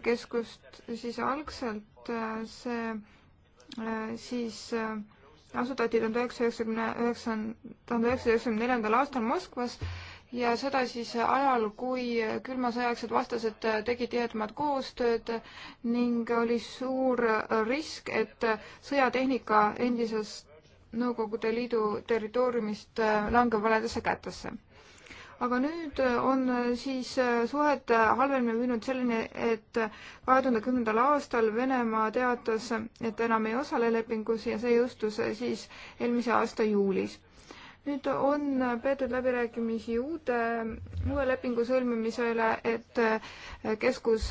keskust, siis algselt äh, see äh, siis äh, asutati tuhande üheksasaja üheksakümne üheksa, tuhande üheksasaja üheksakümne neljandal aastal Moskvas ja seda siis ajal, kui külma sõjaaegsed vastased tegid tihedamat koostööd ning oli suur risk, et sõjatehnika endisest Nõukogude Liidu territooriumist langeb valedesse kätesse aga nüüd äh, on äh, siis äh, suhete halvemini viinud selleni, et kahe tuhande kümnendal aastal Venemaa teatas, et enam ei osale lepingus ja see jõustus siis eelmise aasta juulis. nüüd on peetud läbirääkimisi uute, uue lepingu sõlmimise üle, et keskus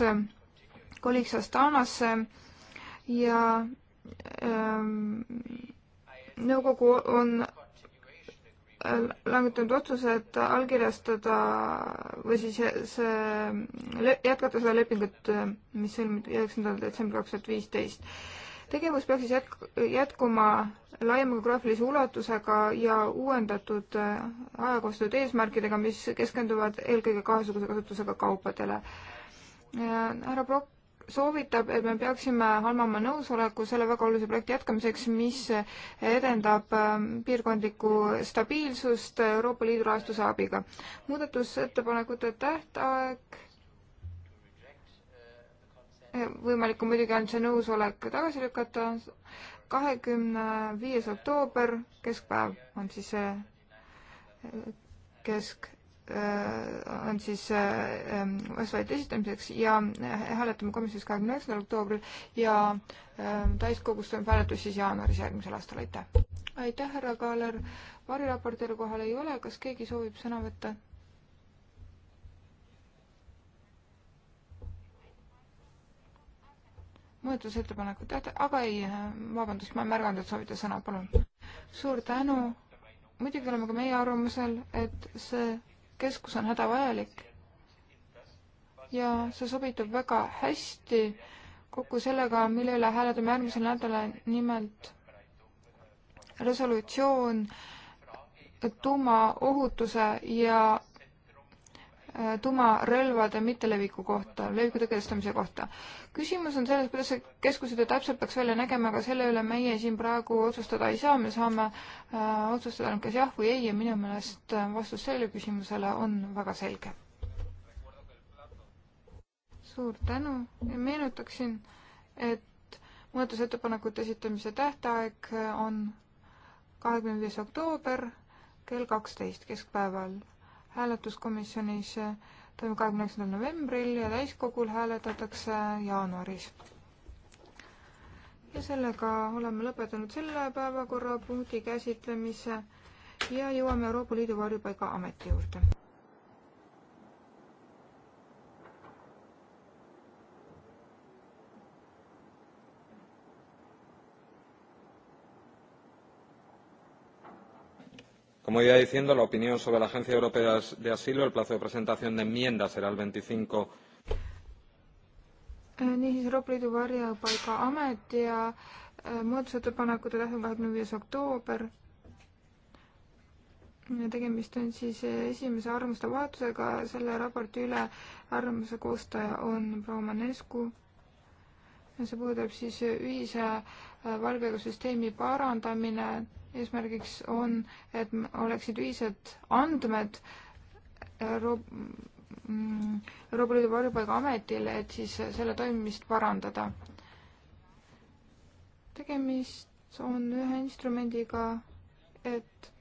koliks Astanasse ja ähm, nõukogu on Äh, langetanud otsuse, et allkirjastada või siis see, jätkata seda lepingut, äh, mis sõlmiti üheksandal detsembril kaks tuhat viisteist. tegevus peaks siis jätk-, jätkuma laiema geograafilise ulatusega ja uuendatud äh, ajakohastatud eesmärkidega, mis keskenduvad eelkõige kahesuguse kasutusega kaupadele. härra Prokk soovitab, et me peaksime andma nõusoleku selle väga olulise projekti jätkamiseks, mis edendab ähm, piirkondlikku stabiilsust Euroopa Liidu rahastuse abiga. muudatusettepanekute tähtaeg eh, võimalik on muidugi ainult see nõusolek tagasi lükata, kahekümne viies oktoober, keskpäev on siis see eh, kesk Äh, on siis vastuväite äh, äh, esitamiseks ja hääletame komisjonis kahekümne üheksandal oktoobril ja täiskogus toimub hääletus siis jaanuaris järgmisel aastal, aitäh! aitäh, härra Kaaler, variraportööri kohal ei ole, kas keegi soovib sõna võtta? muudatusettepanekud teate, aga ei, vabandust, ma ei märganud, et soovite sõna, palun. suur tänu, muidugi oleme ka meie arvamusel, et see keskus on hädavajalik ja see sobitub väga hästi kokku sellega, mille üle hääletame järgmisel nädalal, nimelt resolutsioon tuumaohutuse ja Äh, tuumarelvade mitteleviku kohta, leviku tõkestamise kohta. küsimus on selles, kuidas see keskuse töö täpselt peaks välja nägema, aga selle üle meie siin praegu otsustada ei saa, me saame äh, otsustada, kas jah või ei ja minu meelest äh, vastus sellele küsimusele on väga selge. suur tänu, meenutaksin, et muudatusettepanekute esitamise tähtaeg äh, on kahekümne viies oktoober kell kaksteist keskpäeval hääletuskomisjonis eh, toimub kahekümne üheksandal novembril ja täiskogul hääletatakse jaanuaris. ja sellega oleme lõpetanud selle päevakorrapunkti käsitlemise ja jõuame Euroopa Liidu varjupaiga ameti juurde. Como iba diciendo, la opinión sobre la Agencia Europea de Asilo, el plazo de presentación de enmiendas será el 25 eh, niisiis Euroopa Liidu varjupaigaamet ja eh, muudatusettepanekute tähtaeg kahekümne viies oktoober. tegemist on siis eh, esimese arvamuste vahetusega selle raporti üle. arvamuse koostaja on proua Manescu. see puudutab siis ühise valveõigussüsteemi parandamine, eesmärgiks on, et oleksid ühised andmed Euro mm, Euroopa Liidu varjupaigaametile, et siis selle toimimist parandada. tegemist on ühe instrumendiga, et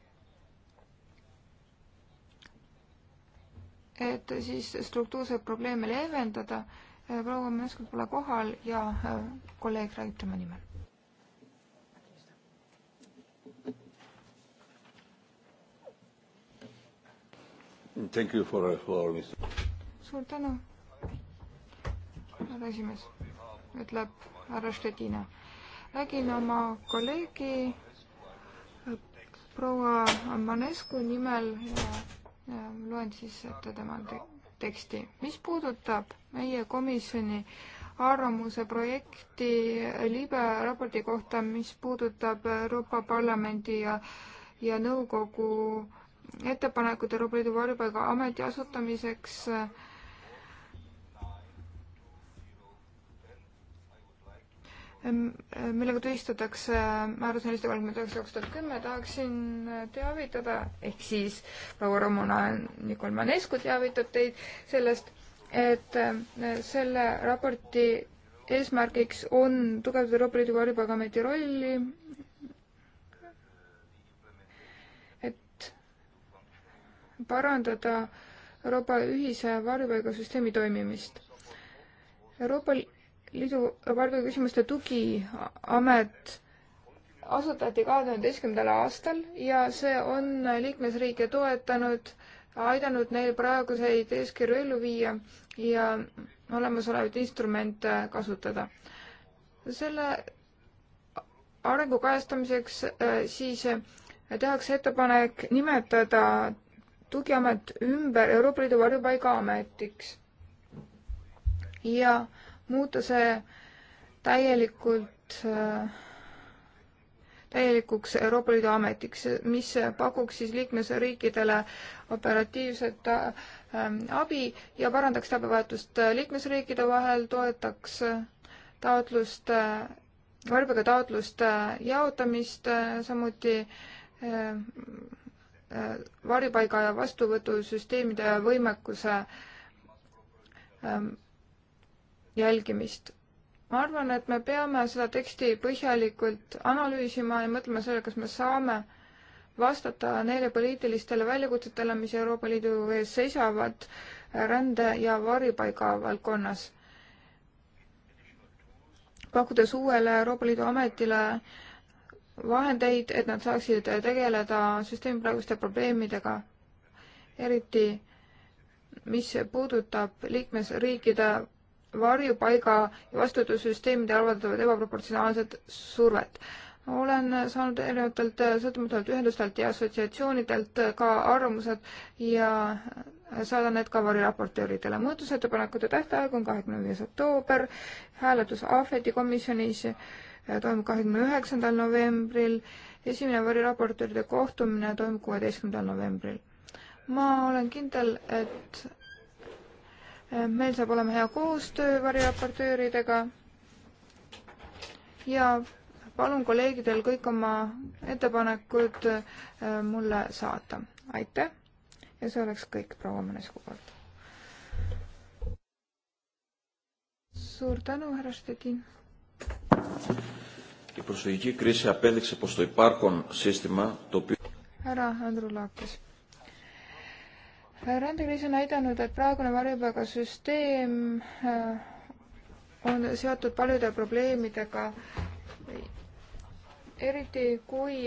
et siis struktuurseid probleeme leevendada. proua Mõneskog pole kohal ja kolleeg räägib tema nimel. Thank you for, for this. suur tänu, härra esimees, ütleb härra Štetina. räägin oma kolleegi proua Manescu nimel ja, ja loen siis ette tema te teksti. mis puudutab meie komisjoni arvamuse projekti libe raporti kohta, mis puudutab Euroopa Parlamendi ja, ja nõukogu äh, ettepanekud Euroopa Liidu varjupaiga ameti asutamiseks millega tühistatakse määrus nelisada kolmkümmend üheksa kaks tuhat kümme, tahaksin teavitada, ehk siis proua Romana Nikol Manescu teavitab teid sellest, et eh, selle raporti eesmärgiks on tugevdada Euroopa Liidu varjupaigaameti rolli parandada Euroopa ühise varjupaigasüsteemi toimimist. Euroopa Liidu varjupaigaküsimuste tugiamet asutati kahe tuhande üheteistkümnendal aastal ja see on liikmesriike toetanud, aidanud neil praeguseid eeskirju ellu viia ja olemasolevaid instrumente kasutada. selle arengu kajastamiseks äh, siis äh, tehakse ettepanek nimetada tugiamet ümber Euroopa Liidu varjupaigaametiks ja muuta see täielikult täielikuks Euroopa Liidu ametiks, mis pakuks siis liikmesriikidele operatiivset ähm, abi ja parandaks teabevahetust liikmesriikide vahel, toetaks taotluste, varjupaiga taotluste äh, jaotamist, äh, samuti ähm, varjupaiga ja vastuvõtusüsteemide võimekuse ähm, jälgimist. ma arvan, et me peame seda teksti põhjalikult analüüsima ja mõtlema sellele, kas me saame vastata neile poliitilistele väljakutsetele, mis Euroopa Liidu ees seisavad rände ja varjupaiga valdkonnas. pakkudes uuele Euroopa Liidu ametile äh, vahendeid, et nad saaksid tegeleda süsteemi praeguste probleemidega, eriti mis puudutab liikmesriikide varjupaiga ja vastutussüsteemide avaldatud ebaproportsionaalset survet. olen saanud erinevatelt sõltumatult ühendustelt ja assotsiatsioonidelt ka arvamused ja saadan need ka variraportööridele. muudatusettepanekute tähtaeg on kahekümne viies oktoober, hääletus AFETi komisjonis toimub kahekümne üheksandal novembril, esimene variraportööride kohtumine toimub kuueteistkümnendal novembril. ma olen kindel, et eh, meil saab olema hea koostöö variraportööridega ja palun kolleegidel kõik oma ettepanekud eh, mulle saata. aitäh ja see oleks kõik proua Mõnesku poolt. suur tänu, härra Stegin. Η προσφυγική κρίση απέδειξε πως το υπάρχον σύστημα το οποίο... Härra Andrulakis. Rändekriis on näidanud, et praegune varjupaigasüsteem äh, on seotud paljude probleemidega, eriti kui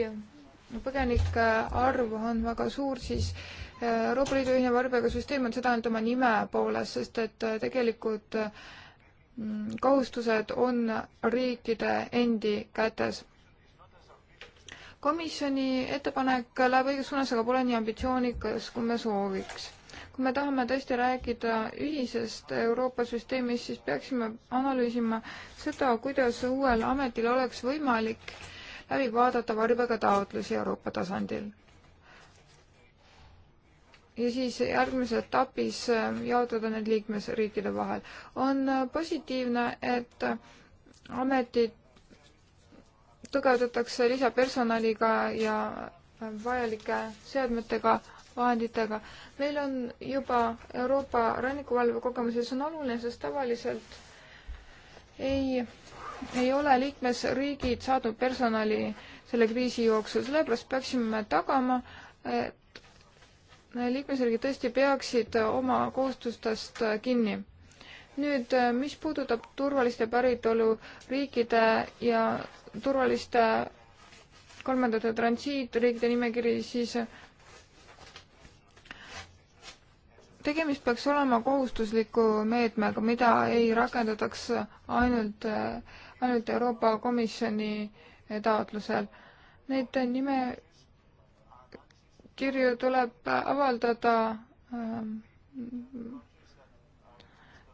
põgenike arv on väga suur, siis äh, Euroopa Liidu ühine varjupaigasüsteem on seda ainult oma nime poolest, sest et äh, tegelikult äh, Mm, kohustused on riikide endi kätes. komisjoni ettepanek läheb õiges suunas, aga pole nii ambitsioonikas, kui me sooviks. kui me tahame tõesti rääkida ühisest Euroopa süsteemist, siis peaksime analüüsima seda, kuidas uuel ametil oleks võimalik läbi vaadata varjupaigataotlusi Euroopa tasandil ja siis järgmises etapis äh, jaotada need liikmesriikide vahel. on äh, positiivne, et ametid tugevdatakse lisapersonaliga ja äh, vajalike seadmetega, vahenditega. meil on juba Euroopa rannikuvalve kogemuses on oluline, sest tavaliselt ei, ei ole liikmesriigid saadnud personali selle kriisi jooksul, sellepärast peaksime tagama, et liikmesriigid tõesti peaksid oma kohustustest kinni. nüüd, äh, mis puudutab turvaliste päritolu riikide ja turvaliste kolmandate transiitriikide nimekiri, siis äh, tegemist peaks olema kohustusliku meetmega, mida ei rakendataks ainult, äh, ainult Euroopa Komisjoni taotlusel. Need nime kirju tuleb avaldada ähm,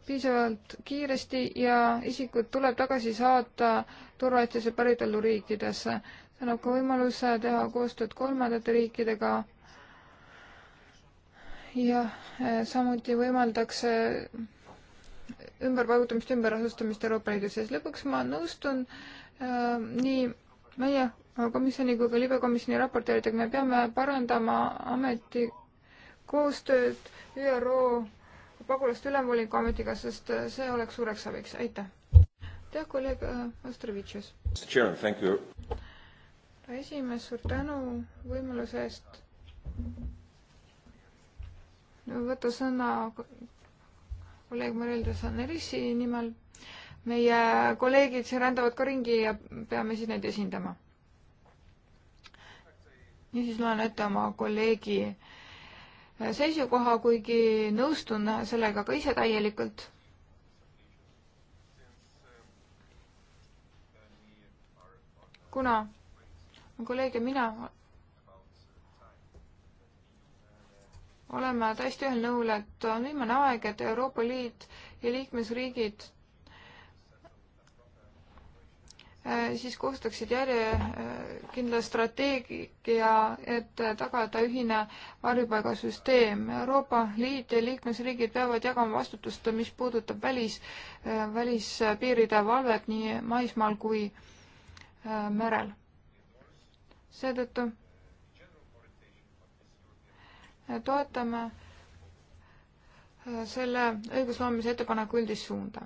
piisavalt kiiresti ja isikud tuleb tagasi saata turvalisuse päritoluriikidesse. see annab ka võimaluse teha koostööd kolmandate riikidega ja äh, samuti võimaldakse äh, ümberpaigutamist, ümberasustamist Euroopa Liidu sees. lõpuks ma nõustun äh, nii meie komisjoni kui ka libekomisjoni raportööridega, me peame parandama ameti koostööd ÜRO pagulaste ülemvoliniku ametiga, sest see oleks suureks abiks, aitäh. aitäh, kolleeg äh, Ostrovitšus. esimees, suur tänu võimaluse eest võtta sõna kolleeg Maril de Sanerissi nimel. meie kolleegid siin rändavad ka ringi ja peame siis neid esindama niisiis loen ette oma kolleegi äh, seisukoha, kuigi nõustun äh, sellega ka ise täielikult kuna kolleeg ja mina oleme täiesti ühel nõul, et on viimane aeg, et Euroopa Liit ja liikmesriigid Äh, siis koostaksid järjekindla äh, strateegia, et äh, tagada ühine varjupaigasüsteem. Euroopa Liit ja liikmesriigid peavad jagama vastutust, mis puudutab välis, välispiiride valvet nii maismaal kui merel. seetõttu toetame selle õigusloomise ettepaneku üldist suunda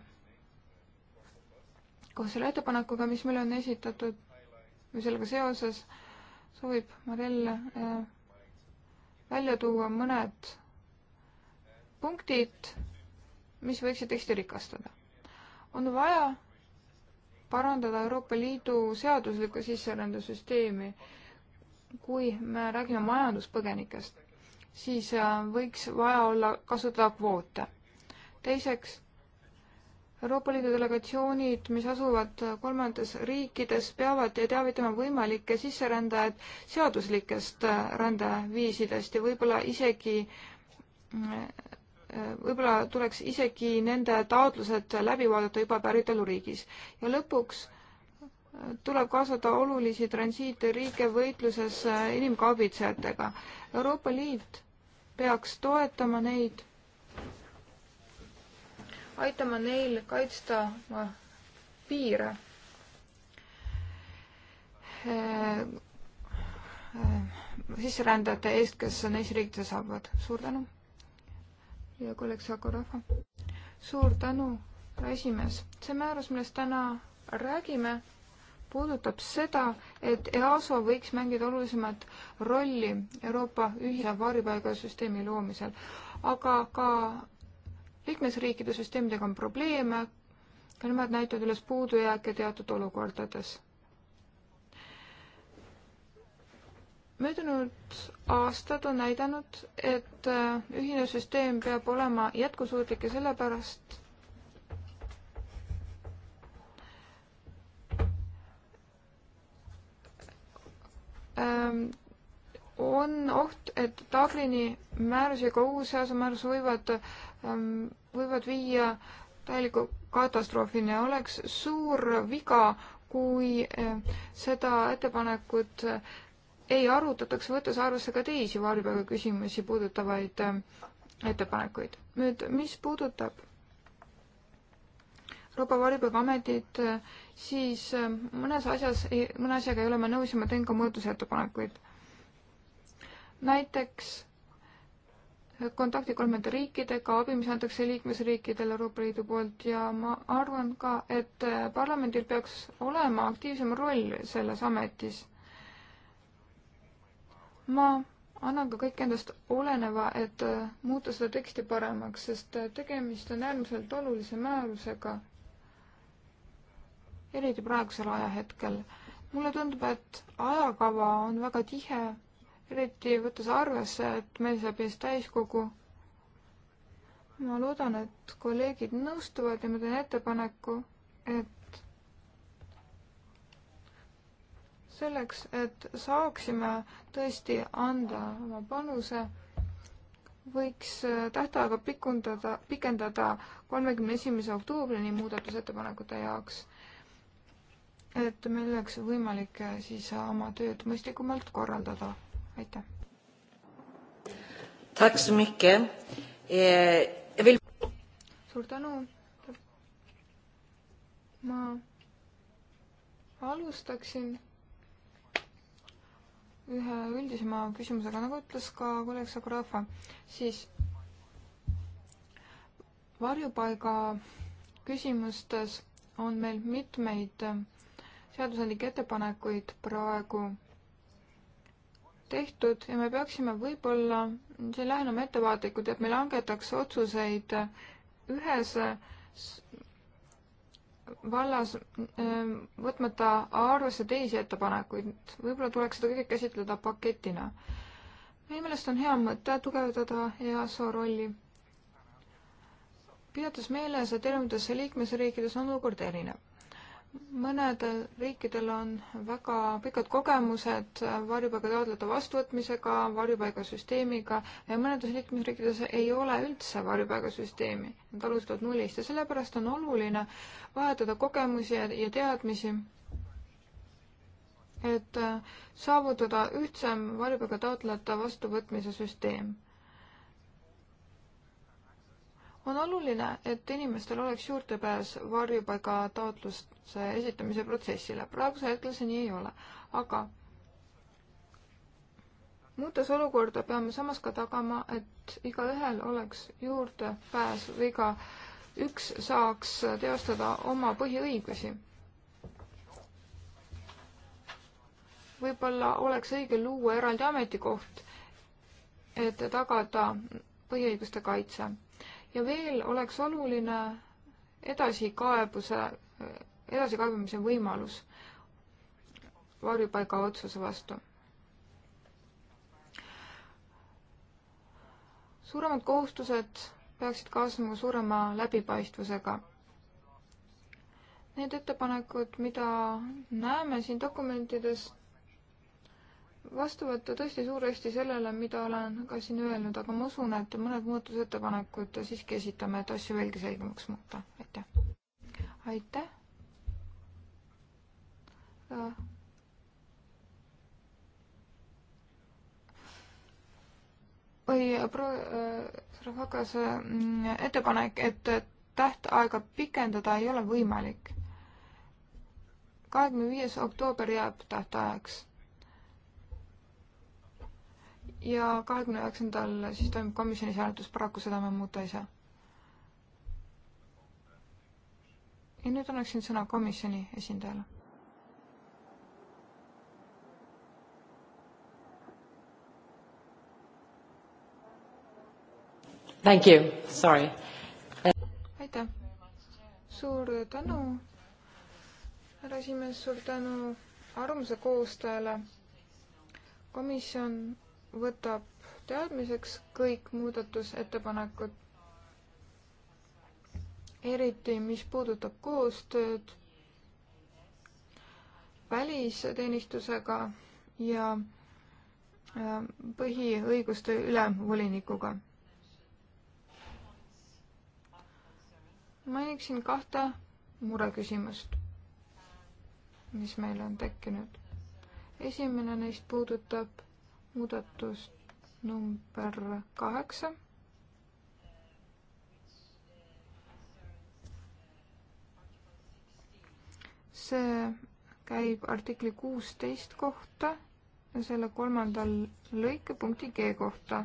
koos selle ettepanekuga, mis meile on esitatud või sellega seoses, soovib Marell äh, välja tuua mõned punktid, mis võiksid teksti rikastada. on vaja parandada Euroopa Liidu seaduslikku sisserändesüsteemi. kui me räägime majanduspõgenikest, siis äh, võiks vaja olla kasutada kvoote. teiseks, Euroopa Liidu delegatsioonid, mis asuvad kolmandates riikides, peavad teavitama võimalikke sisserändajaid seaduslikest äh, rändeviisidest ja võib-olla isegi äh, võib-olla tuleks isegi nende taotlused läbi vaadata juba päritoluriigis. ja lõpuks äh, tuleb kaasata olulisi transiitriike võitluses inimkaubitsejatega. Euroopa Liit peaks toetama neid aitama neil kaitsta oma piire e e sisserändajate eest, kes neis riikides saabuvad. suur tänu ja kolleeg Saku Rahva. suur tänu, esimees. see määrus, millest täna räägime, puudutab seda, et EASO võiks mängida olulisemat rolli Euroopa ühise varjupaigasüsteemi loomisel, aga ka liikmesriikide süsteemidega on probleeme, ka nemad näitavad üles puudujääke teatud olukordades. möödunud aastad on näidanud, et äh, ühine süsteem peab olema jätkusuutlik ja sellepärast ähm, on oht, et Dublini määrus ja kogu see asemäärus võivad, ähm, võivad viia täieliku katastroofini ja oleks suur viga, kui äh, seda ettepanekut äh, ei arutataks, võttes arvesse ka teisi varjupaiga küsimusi puudutavaid ähm, ettepanekuid. nüüd, mis puudutab Euroopa Varjupaigaametit, äh, siis mõnes asjas, mõne asjaga ei ole ma nõus ja ma teen ka muudatusettepanekuid näiteks kontakti kolmanda riikidega, abi, mis antakse liikmesriikidele Euroopa Liidu poolt ja ma arvan ka, et parlamendil peaks olema aktiivsem roll selles ametis. ma annan ka kõik endast oleneva, et muuta seda teksti paremaks, sest tegemist on äärmiselt olulise määrusega, eriti praegusel ajahetkel. mulle tundub, et ajakava on väga tihe eriti võttes arvesse, et meil saab ees täiskogu. ma loodan, et kolleegid nõustuvad ja ma teen ettepaneku, et selleks, et saaksime tõesti anda oma panuse, võiks tähtaega pikendada, pikendada kolmekümne esimese oktoobrini muudatusettepanekute jaoks et meil oleks võimalik siis oma tööd mõistlikumalt korraldada aitäh. Eh, suur tänu. ma alustaksin ühe üldisema küsimusega, nagu ütles ka kolleeg Sakurafa, siis varjupaiga küsimustes on meil mitmeid seadusandlikke ettepanekuid praegu tehtud ja me peaksime võib-olla siin lähenema ettevaatlikult, et me langetaks otsuseid ühes vallas, ähm, võtmata arvesse teisi ettepanekuid. võib-olla tuleks seda kõike käsitleda paketina. minu meelest on hea mõte tugevdada EASO rolli. pidades meeles, et erinevates liikmesriikides on olukord erinev mõnedel riikidel on väga pikad kogemused varjupaiga taotlejate vastuvõtmisega, varjupaigasüsteemiga ja mõnedes liikmesriikides ei ole üldse varjupaigasüsteemi, nad alustavad nullist ja sellepärast on oluline vahetada kogemusi ja, ja teadmisi, et saavutada ühtsem varjupaiga taotlejate vastuvõtmise süsteem on oluline, et inimestel oleks juurdepääs varjupaiga taotluse esitamise protsessile. praegusel hetkel see nii ei ole, aga muutes olukorda, peame samas ka tagama, et igaühel oleks juurdepääs või ka üks saaks teostada oma põhiõigusi. võib-olla oleks õige luua eraldi ametikoht, et tagada põhiõiguste kaitse ja veel oleks oluline edasikaebuse, edasikaebamise võimalus varjupaiga otsuse vastu. suuremad kohustused peaksid kaasnema suurema läbipaistvusega. Need ettepanekud, mida näeme siin dokumentides vastu võtta tõesti suuresti sellele, mida olen ka siin öelnud, aga ma usun, et mõned muudatusettepanekud siiski esitame, et asju veelgi selgemaks muuta. aitäh. aitäh. või proua äh, Hakase äh, äh, äh, mm, ettepanek, et tähtaega pikendada ei ole võimalik. kahekümne viies oktoober jääb tähtajaks ja kahekümne üheksandal siis toimub komisjonis hääletus, paraku seda me muuta ei saa. ja nüüd annaksin sõna komisjoni esindajale. Thank you, sorry. aitäh. suur tänu, härra esimees, suur tänu arvamuse koostajale. komisjon võtab teadmiseks kõik muudatusettepanekud, eriti mis puudutab koostööd välisteenistusega ja äh, põhiõiguste ülemvolinikuga. mainiksin kahte mureküsimust, mis meil on tekkinud. esimene neist puudutab muudatus number kaheksa. see käib artikli kuusteist kohta ja selle kolmandal lõikepunkti G kohta.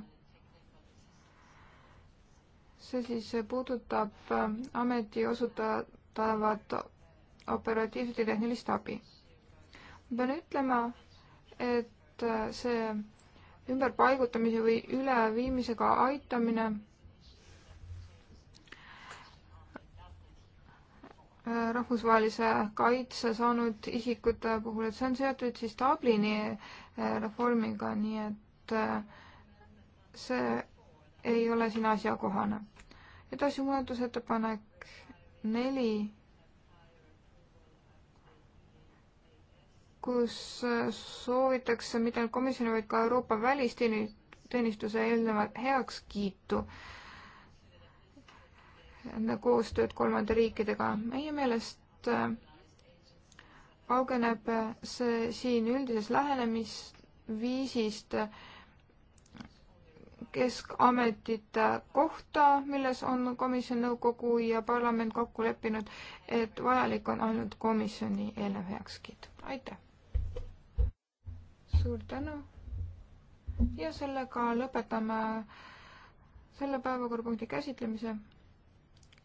see siis puudutab äh, ameti osutatavat operatiivset ja tehnilist abi. ma pean ütlema, et äh, see ümberpaigutamise või üleviimisega aitamine rahvusvahelise kaitse saanud isikute puhul, et see on seotud siis Dublini eh, reformiga, nii et eh, see ei ole siin asjakohane. edasi muudatusettepanek neli kus äh, soovitakse mitte ainult komisjoni, vaid ka Euroopa välisteenistuse eelnevat heakskiitu koostööd kolmanda riikidega. meie meelest äh, augeneb äh, see siin üldises lähenemisviisist keskametite kohta, milles on komisjon, nõukogu ja parlament kokku leppinud, et vajalik on ainult komisjoni eelnev heakskiit. aitäh! suur tänu. ja sellega lõpetame selle päevakorrapunkti käsitlemise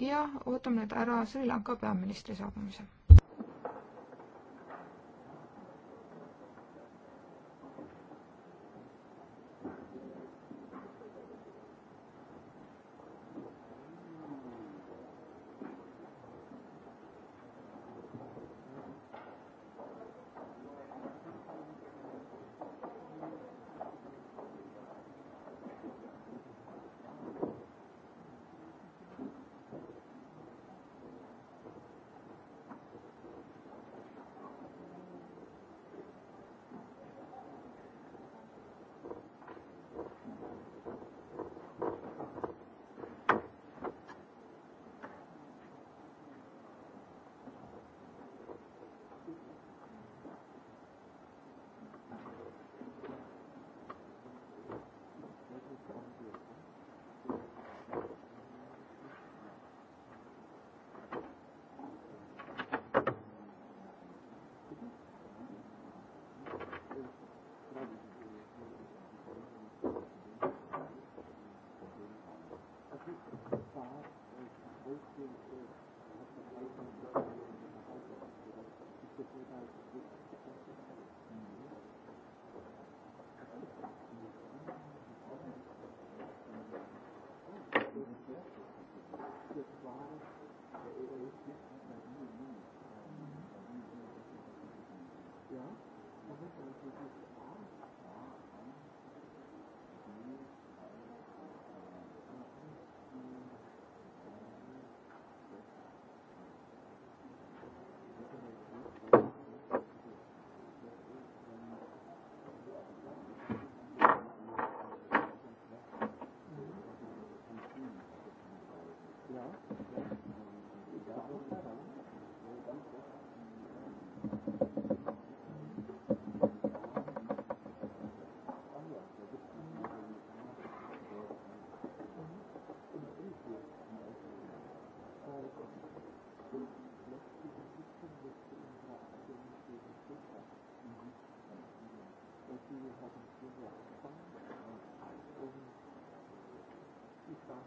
ja ootame nüüd ära Sri Lanka peaministri saabumise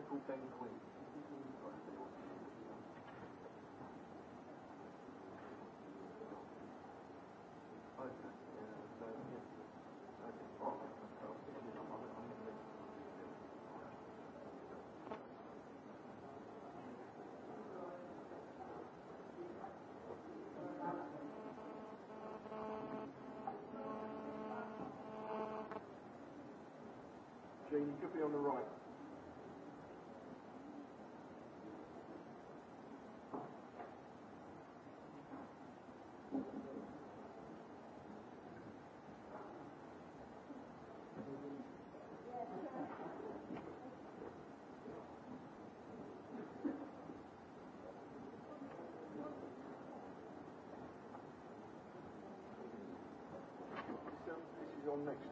historical David Wynn. Jane, you could be on the right. your next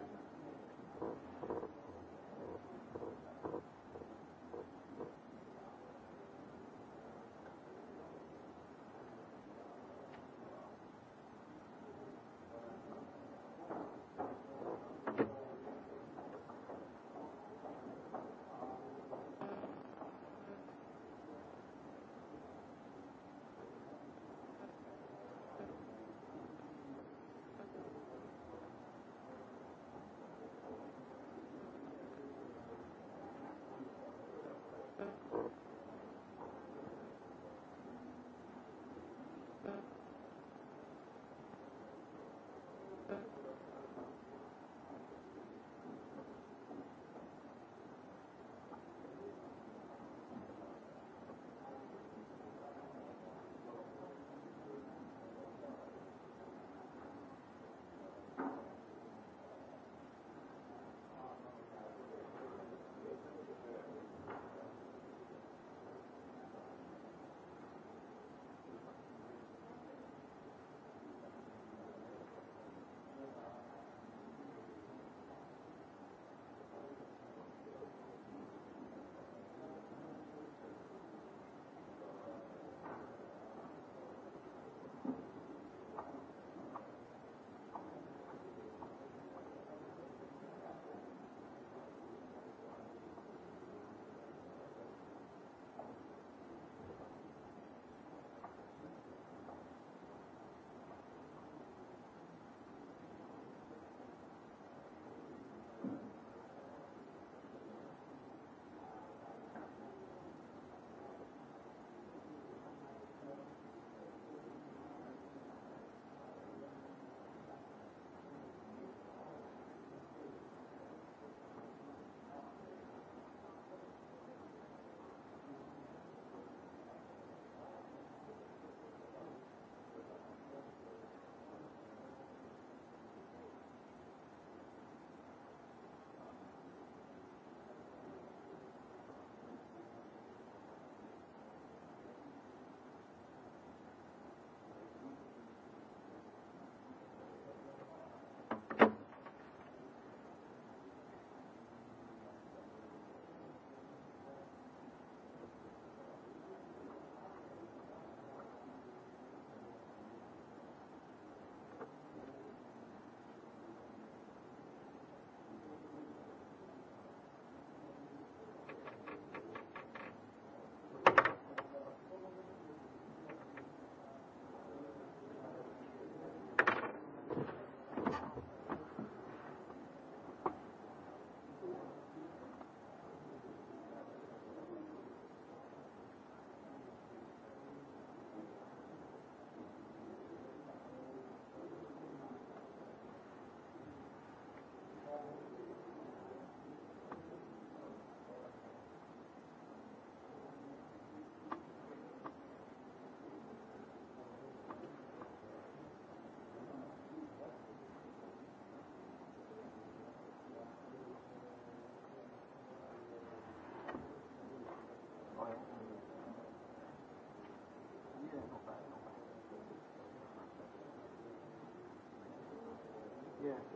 Yes,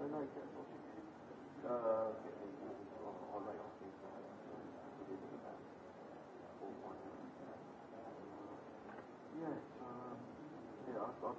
um, yeah, I've, I've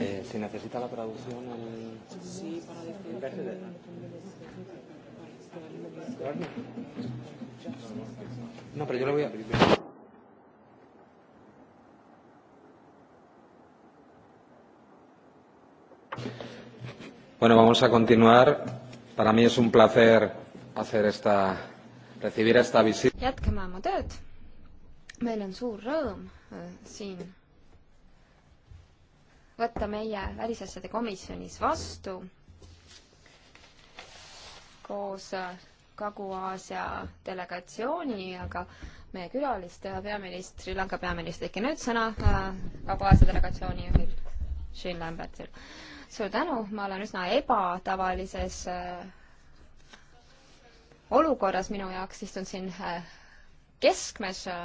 Eh, ¿Se necesita la traducción? El... Sí, para decir. No, pero yo lo voy a. Bueno, vamos a continuar. Para mí es un placer hacer esta jätkame oma tööd. meil on suur rõõm äh, siin võtta meie välisasjade komisjonis vastu koos äh, Kagu-Aasia delegatsiooni, aga meie külalist, peaminister, Sri Lanka peaminister, äkki nüüd sõna äh, Kagu-Aasia delegatsiooni juhil Shane Lambertil. suur tänu, ma olen üsna ebatavalises äh, olukorras minu jaoks, istun siin äh, keskmes äh,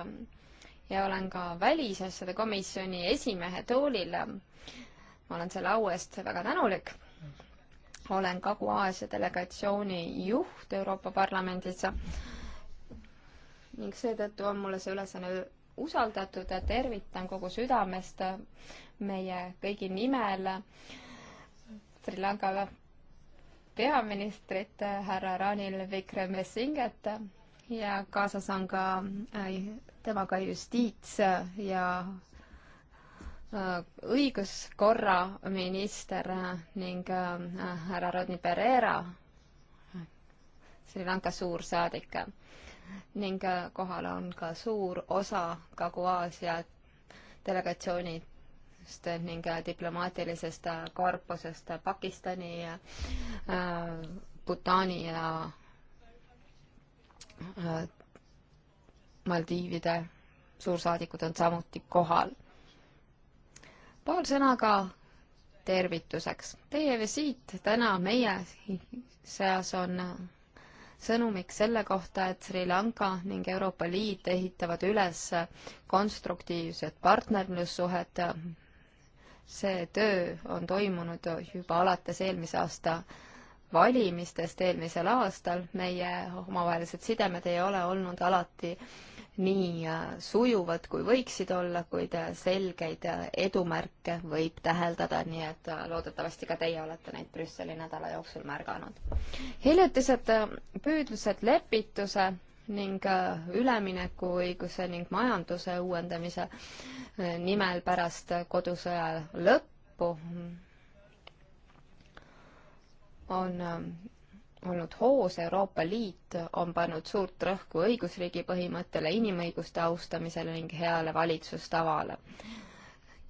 ja olen ka välisasjade komisjoni esimehe toolil. ma olen selle au eest väga tänulik. olen Kagu-Aasia delegatsiooni juht Euroopa Parlamendis ning seetõttu on mulle see ülesanne usaldatud ja tervitan kogu südamest meie kõigi nimel Sri Lanka peaministrit, härra Ranil Vikremessinget ja kaasas on ka äh, temaga justiits- ja äh, õiguskorra minister ning äh, härra Rodney Pereira, Sri Lanka suursaadik ning kohal on ka suur osa Kagu-Aasia delegatsiooni tegevusest äh, ning äh, diplomaatilisest äh, korpusest Pakistani, Bhutani ja Maldiivide suursaadikud on samuti kohal. paar sõna ka tervituseks. Teie visiit täna meie seas on sõnumiks selle kohta, et Sri Lanka ning Euroopa Liit ehitavad üles konstruktiivset partnerlussuhet see töö on toimunud juba alates eelmise aasta valimistest eelmisel aastal, meie omavahelised sidemed ei ole olnud alati nii äh, sujuvad, kui võiksid olla, kuid äh, selgeid äh, edumärke võib täheldada, nii et loodetavasti ka teie olete neid Brüsseli nädala jooksul märganud. hiljutised püüdlused lepituse ning äh, üleminekuõiguse ning majanduse uuendamise äh, nimel pärast kodusõja lõppu on äh, olnud hoos, Euroopa Liit on pannud suurt rõhku õigusriigi põhimõttele, inimõiguste austamisele ning heale valitsustavale.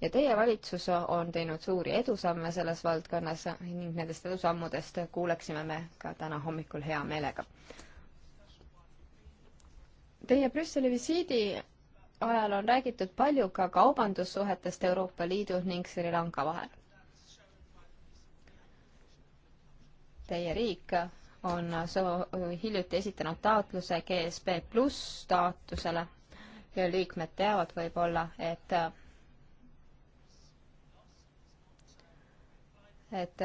ja teie valitsus on teinud suuri edusamme selles valdkonnas ning nendest edusammudest kuuleksime me ka täna hommikul hea meelega. Teie Brüsseli visiidi ajal on räägitud palju ka kaubandussuhetest Euroopa Liidu ning Sri Lanka vahel. Teie riik on so-, hiljuti esitanud taotluse GSB pluss staatusele ja liikmed teavad võib-olla, et et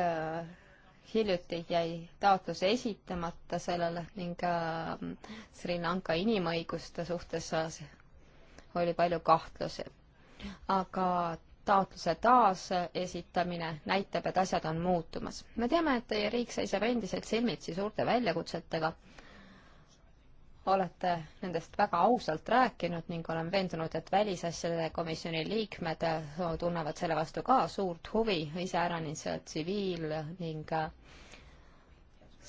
hiljuti jäi taotlus esitamata sellele ning äh, Sri Lanka inimõiguste suhtes äh, oli palju kahtlusi. aga taotluse taasesitamine näitab, et asjad on muutumas. me teame, et teie riik seisab endiselt silmitsi suurte väljakutsetega olete nendest väga ausalt rääkinud ning olen veendunud, et välisasjade komisjoni liikmed tunnevad selle vastu ka suurt huvi, iseäranis tsiviil ning äh,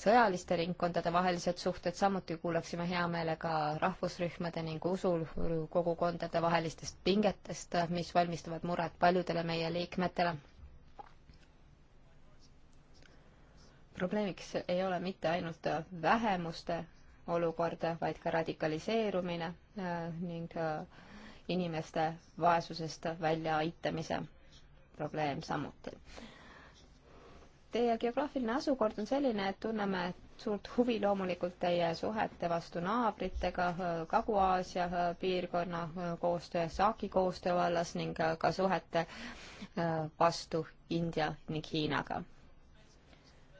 sõjaliste ringkondade vahelised suhted, samuti kuulaksime hea meelega rahvusrühmade ning usukogukondade vahelistest pingetest, mis valmistavad muret paljudele meie liikmetele. probleemiks ei ole mitte ainult vähemuste olukorda, vaid ka radikaliseerumine äh, ning äh, inimeste vaesusest väljaaitamise probleem samuti. Teie geograafiline asukord on selline, et tunneme suurt huvi loomulikult teie suhete vastu naabritega äh, Kagu-Aasia piirkonna koostöö, SAAK-i koostöö vallas ning ka suhete vastu India ning Hiinaga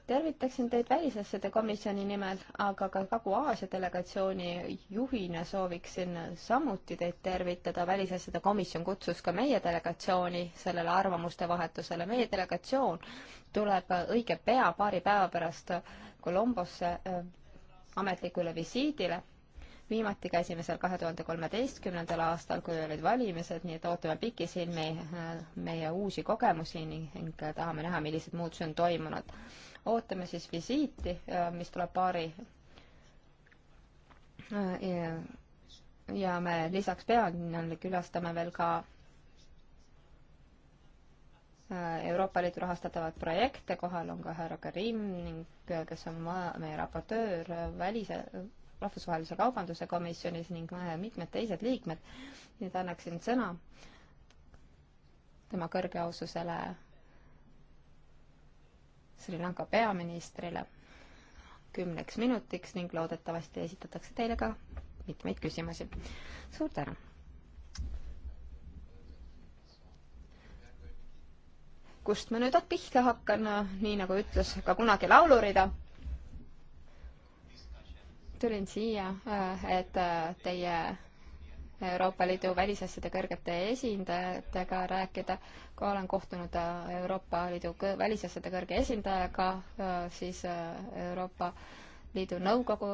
tervitaksin teid välisasjade komisjoni nimel, aga ka Kagu-Aasia delegatsiooni juhina sooviksin samuti teid tervitada. välisasjade komisjon kutsus ka meie delegatsiooni sellele arvamuste vahetusele. meie delegatsioon tuleb õige pea, paari päeva pärast Colombosse äh, ametlikule visiidile. viimati käisime seal kahe tuhande kolmeteistkümnendal aastal, kui olid valimised, nii et ootame pikisilmi meie, äh, meie uusi kogemusi ning tahame näha, millised muutused on toimunud ootame siis visiiti, äh, mis tuleb paari äh, ja me lisaks pealinnale külastame veel ka äh, Euroopa Liidu rahastatavaid projekte, kohal on ka härra Karim ning kes on meie raportöör välise, rahvusvahelise kaubanduse komisjonis ning mitmed teised liikmed. nii et annaksin sõna tema kõrgeaususele Sri Lanka peaministrile kümneks minutiks ning loodetavasti esitatakse teile ka mitmeid küsimusi. suur tänu! kust ma nüüd pihta hakkan, nii nagu ütles ka kunagi laulurida. tulin siia, et teie Euroopa Liidu välisasjade kõrgete esindajatega rääkida, kui olen kohtunud äh, Euroopa Liidu välisasjade kõrge esindajaga, äh, siis äh, Euroopa Liidu Nõukogu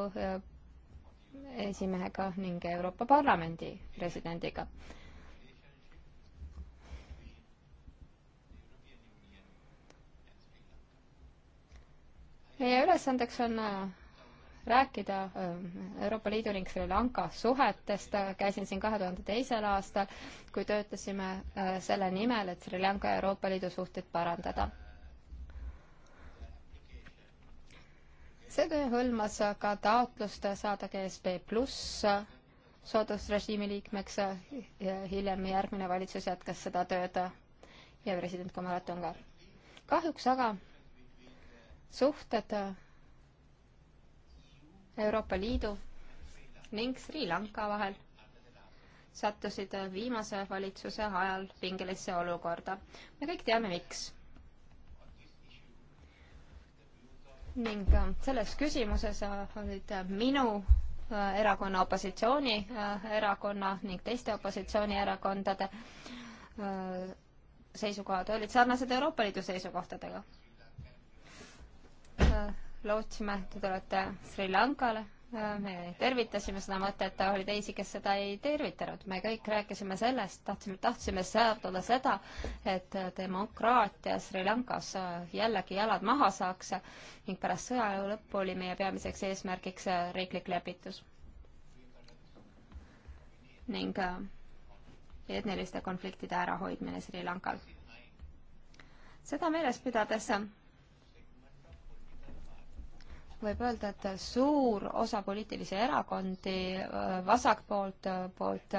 esimehega ning Euroopa Parlamendi presidendiga meie ülesandeks on rääkida ähm, Euroopa Liidu ning Sri Lanka suhetest. käisin siin kahe tuhande teisel aastal, kui töötasime äh, selle nimel, et Sri Lanka ja Euroopa Liidu suhteid parandada. see töö hõlmas ka taotlust saada GSP pluss soodusrežiimi liikmeks ja hiljem järgmine valitsus jätkas seda tööd ja president Kamarat on ka. kahjuks aga suhted Euroopa Liidu ning Sri Lanka vahel sattusid viimase valitsuse ajal pingelisse olukorda. me kõik teame, miks. ning äh, selles küsimuses äh, olid minu äh, erakonna, opositsioonierakonna ning teiste opositsioonierakondade seisukohad olid sarnased Euroopa Liidu seisukohtadega lootsime, te tulete Sri Lankale, me tervitasime seda mõtet, oli teisi, kes seda ei tervitanud, me kõik rääkisime sellest, tahtsime, tahtsime seadada seda, et demokraatia Sri Lankas jällegi jalad maha saaks ning pärast sõja lõppu oli meie peamiseks eesmärgiks riiklik lepitus. ning äh, etniliste konfliktide ärahoidmine Sri Lankal. seda meeles pidades võib öelda, et suur osa poliitilisi erakondi vasakpoolt, poolt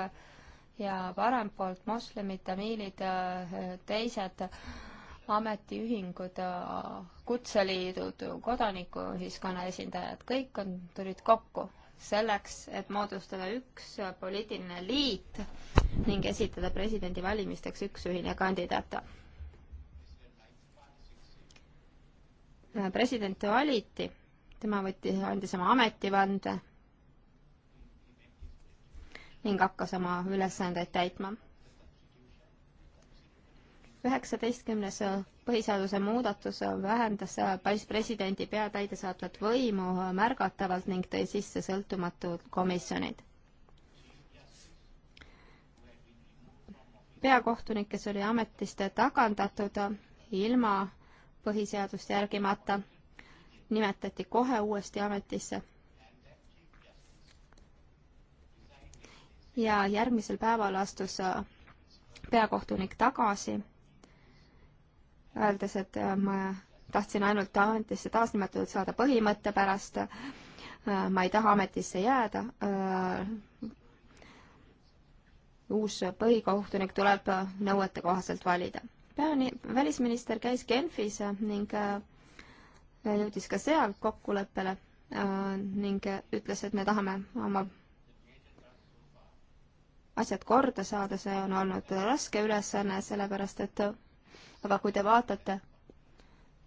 ja parempoolt, moslemid, tamiilid, teised ametiühingud, kutseliidud, kodanikuühiskonna esindajad, kõik on, tulid kokku selleks, et moodustada üks poliitiline liit ning esitada presidendivalimisteks üks ühine kandidaat. president valiti tema võttis, andis oma ametivande ning hakkas oma ülesandeid täitma. üheksateistkümnes põhiseaduse muudatus vähendas presidendi peatäidesaatvat võimu märgatavalt ning tõi sisse sõltumatud komisjonid. peakohtunik, kes oli ametist tagandatud ilma põhiseadust järgimata nimetati kohe uuesti ametisse. ja järgmisel päeval astus äh, peakohtunik tagasi, öeldes, et äh, ma tahtsin ainult ametisse taasnimetatud saada põhimõtte pärast, äh, ma ei taha ametisse jääda. uus põhikohtunik tuleb nõuete kohaselt valida. peani-, välisminister käis Genfis ning jõudis ka seal kokkuleppele äh, ning ütles, et me tahame oma asjad korda saada, see on olnud raske ülesanne, sellepärast et aga kui te vaatate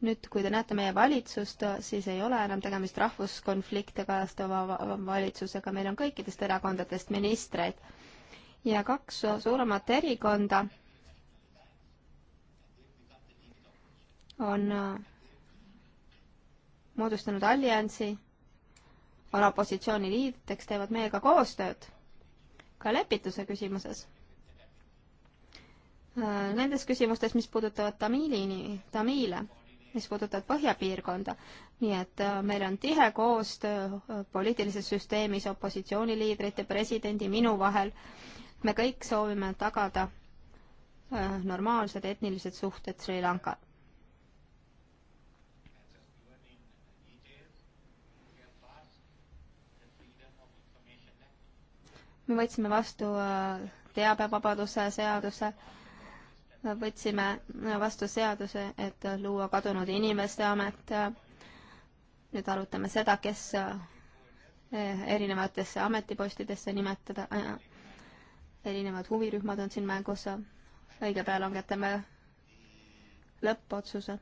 nüüd, kui te näete meie valitsust, siis ei ole enam tegemist rahvuskonflikte kajastava valitsusega, meil on kõikidest erakondadest ministreid ja kaks suuremat erikonda on äh, moodustanud alliansi, on opositsiooni liidriteks, teevad meiega koostööd ka lepituse küsimuses. Äh, nendes küsimustes, mis puudutavad Tamiilini, Tamiile, mis puudutavad põhjapiirkonda, nii et äh, meil on tihe koostöö äh, poliitilises süsteemis opositsiooniliidrite, presidendi, minu vahel. me kõik soovime tagada normaalsed etnilised suhted Sri Lankal me võtsime vastu äh, teabevabaduse seaduse, võtsime äh, vastu seaduse, et äh, luua kadunud inimeste amet. nüüd arutame seda, kes e, erinevatesse ametipostidesse nimetada. erinevad huvirühmad on siin mängus. õige pea langetame lõppotsuse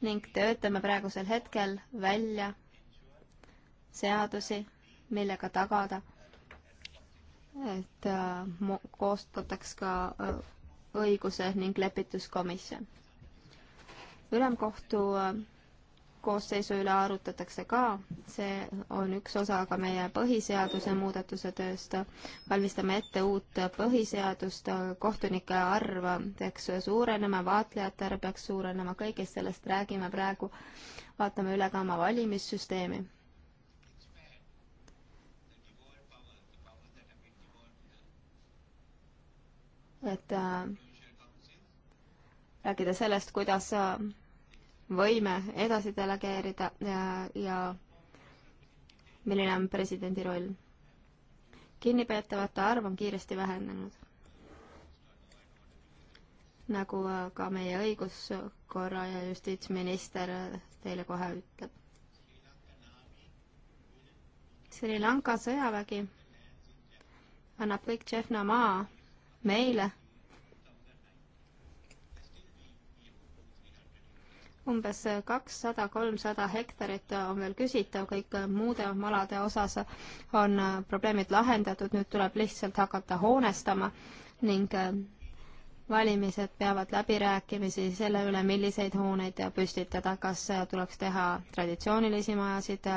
ning töötame praegusel hetkel välja seadusi, millega tagada et äh, koostataks ka äh, õiguse ning lepituskomisjon. ülemkohtu äh, koosseisu üle arutatakse ka, see on üks osa ka meie põhiseaduse muudatuse tööst. valmistame ette uut põhiseadust, kohtunike arv peaks suurenema, vaatlejate arv peaks suurenema, kõigest sellest räägime praegu. vaatame üle ka oma valimissüsteemi et äh, rääkida sellest, kuidas äh, võime edasi delegeerida ja, ja milline on presidendi roll. kinnipeetavate arv on kiiresti vähenenud. nagu äh, ka meie õiguskorra ja justiitsminister teile kohe ütleb. Sri Lanka sõjavägi annab kõik Tšehhna maa meile umbes kakssada, kolmsada hektarit on veel küsitav, kõik muude malade osas on probleemid lahendatud, nüüd tuleb lihtsalt hakata hoonestama ning valimised peavad läbirääkimisi selle üle, milliseid hooneid püstitada, kas tuleks teha traditsioonilisi majasid,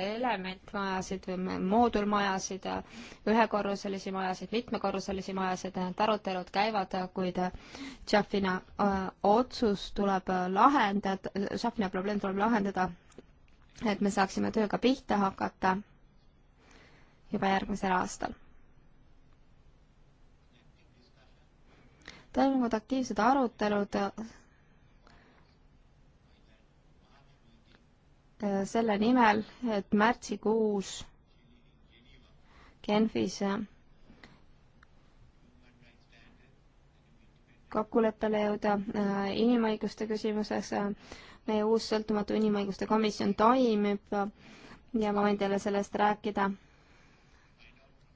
elementmajasid või moodulmajasid, ühekorruselisi majasid, mitmekorruselisi majasid, need arutelud käivad, kuid Tšahvina äh, otsus tuleb lahendada, Tšahvina probleem tuleb lahendada, et me saaksime tööga pihta hakata juba järgmisel aastal toimuvad aktiivsed arutelud äh, selle nimel, et märtsikuus Genfis äh, kokkuleppele jõuda äh, inimõiguste küsimuses. meie uus sõltumatu inimõiguste komisjon toimib ja ma võin teile sellest rääkida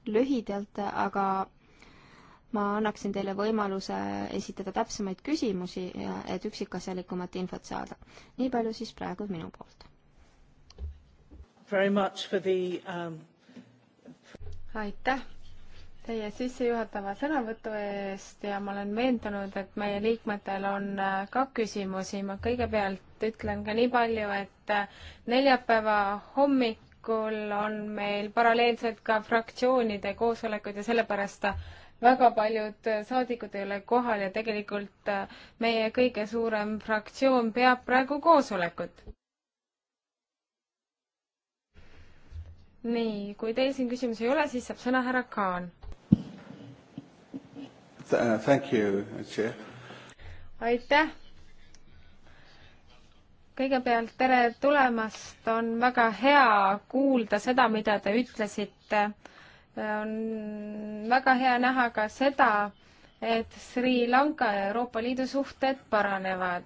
lühidalt, aga ma annaksin teile võimaluse esitada täpsemaid küsimusi, et üksikasjalikumat infot saada. nii palju siis praegu minu poolt. Um... aitäh teie sissejuhatava sõnavõtu eest ja ma olen veendunud, et meie liikmetel on äh, ka küsimusi. ma kõigepealt ütlen ka nii palju, et äh, neljapäeva hommikul on meil paralleelselt ka fraktsioonide koosolekud ja sellepärast äh, väga paljud saadikud ei ole kohal ja tegelikult äh, meie kõige suurem fraktsioon peab praegu koosolekut. nii, kui teil siin küsimusi ei ole, siis saab sõna härra Kaan. Uh, thank you, Chair. aitäh kõigepealt tere tulemast, on väga hea kuulda seda, mida te ütlesite on väga hea näha ka seda, et Sri Lanka ja Euroopa Liidu suhted paranevad.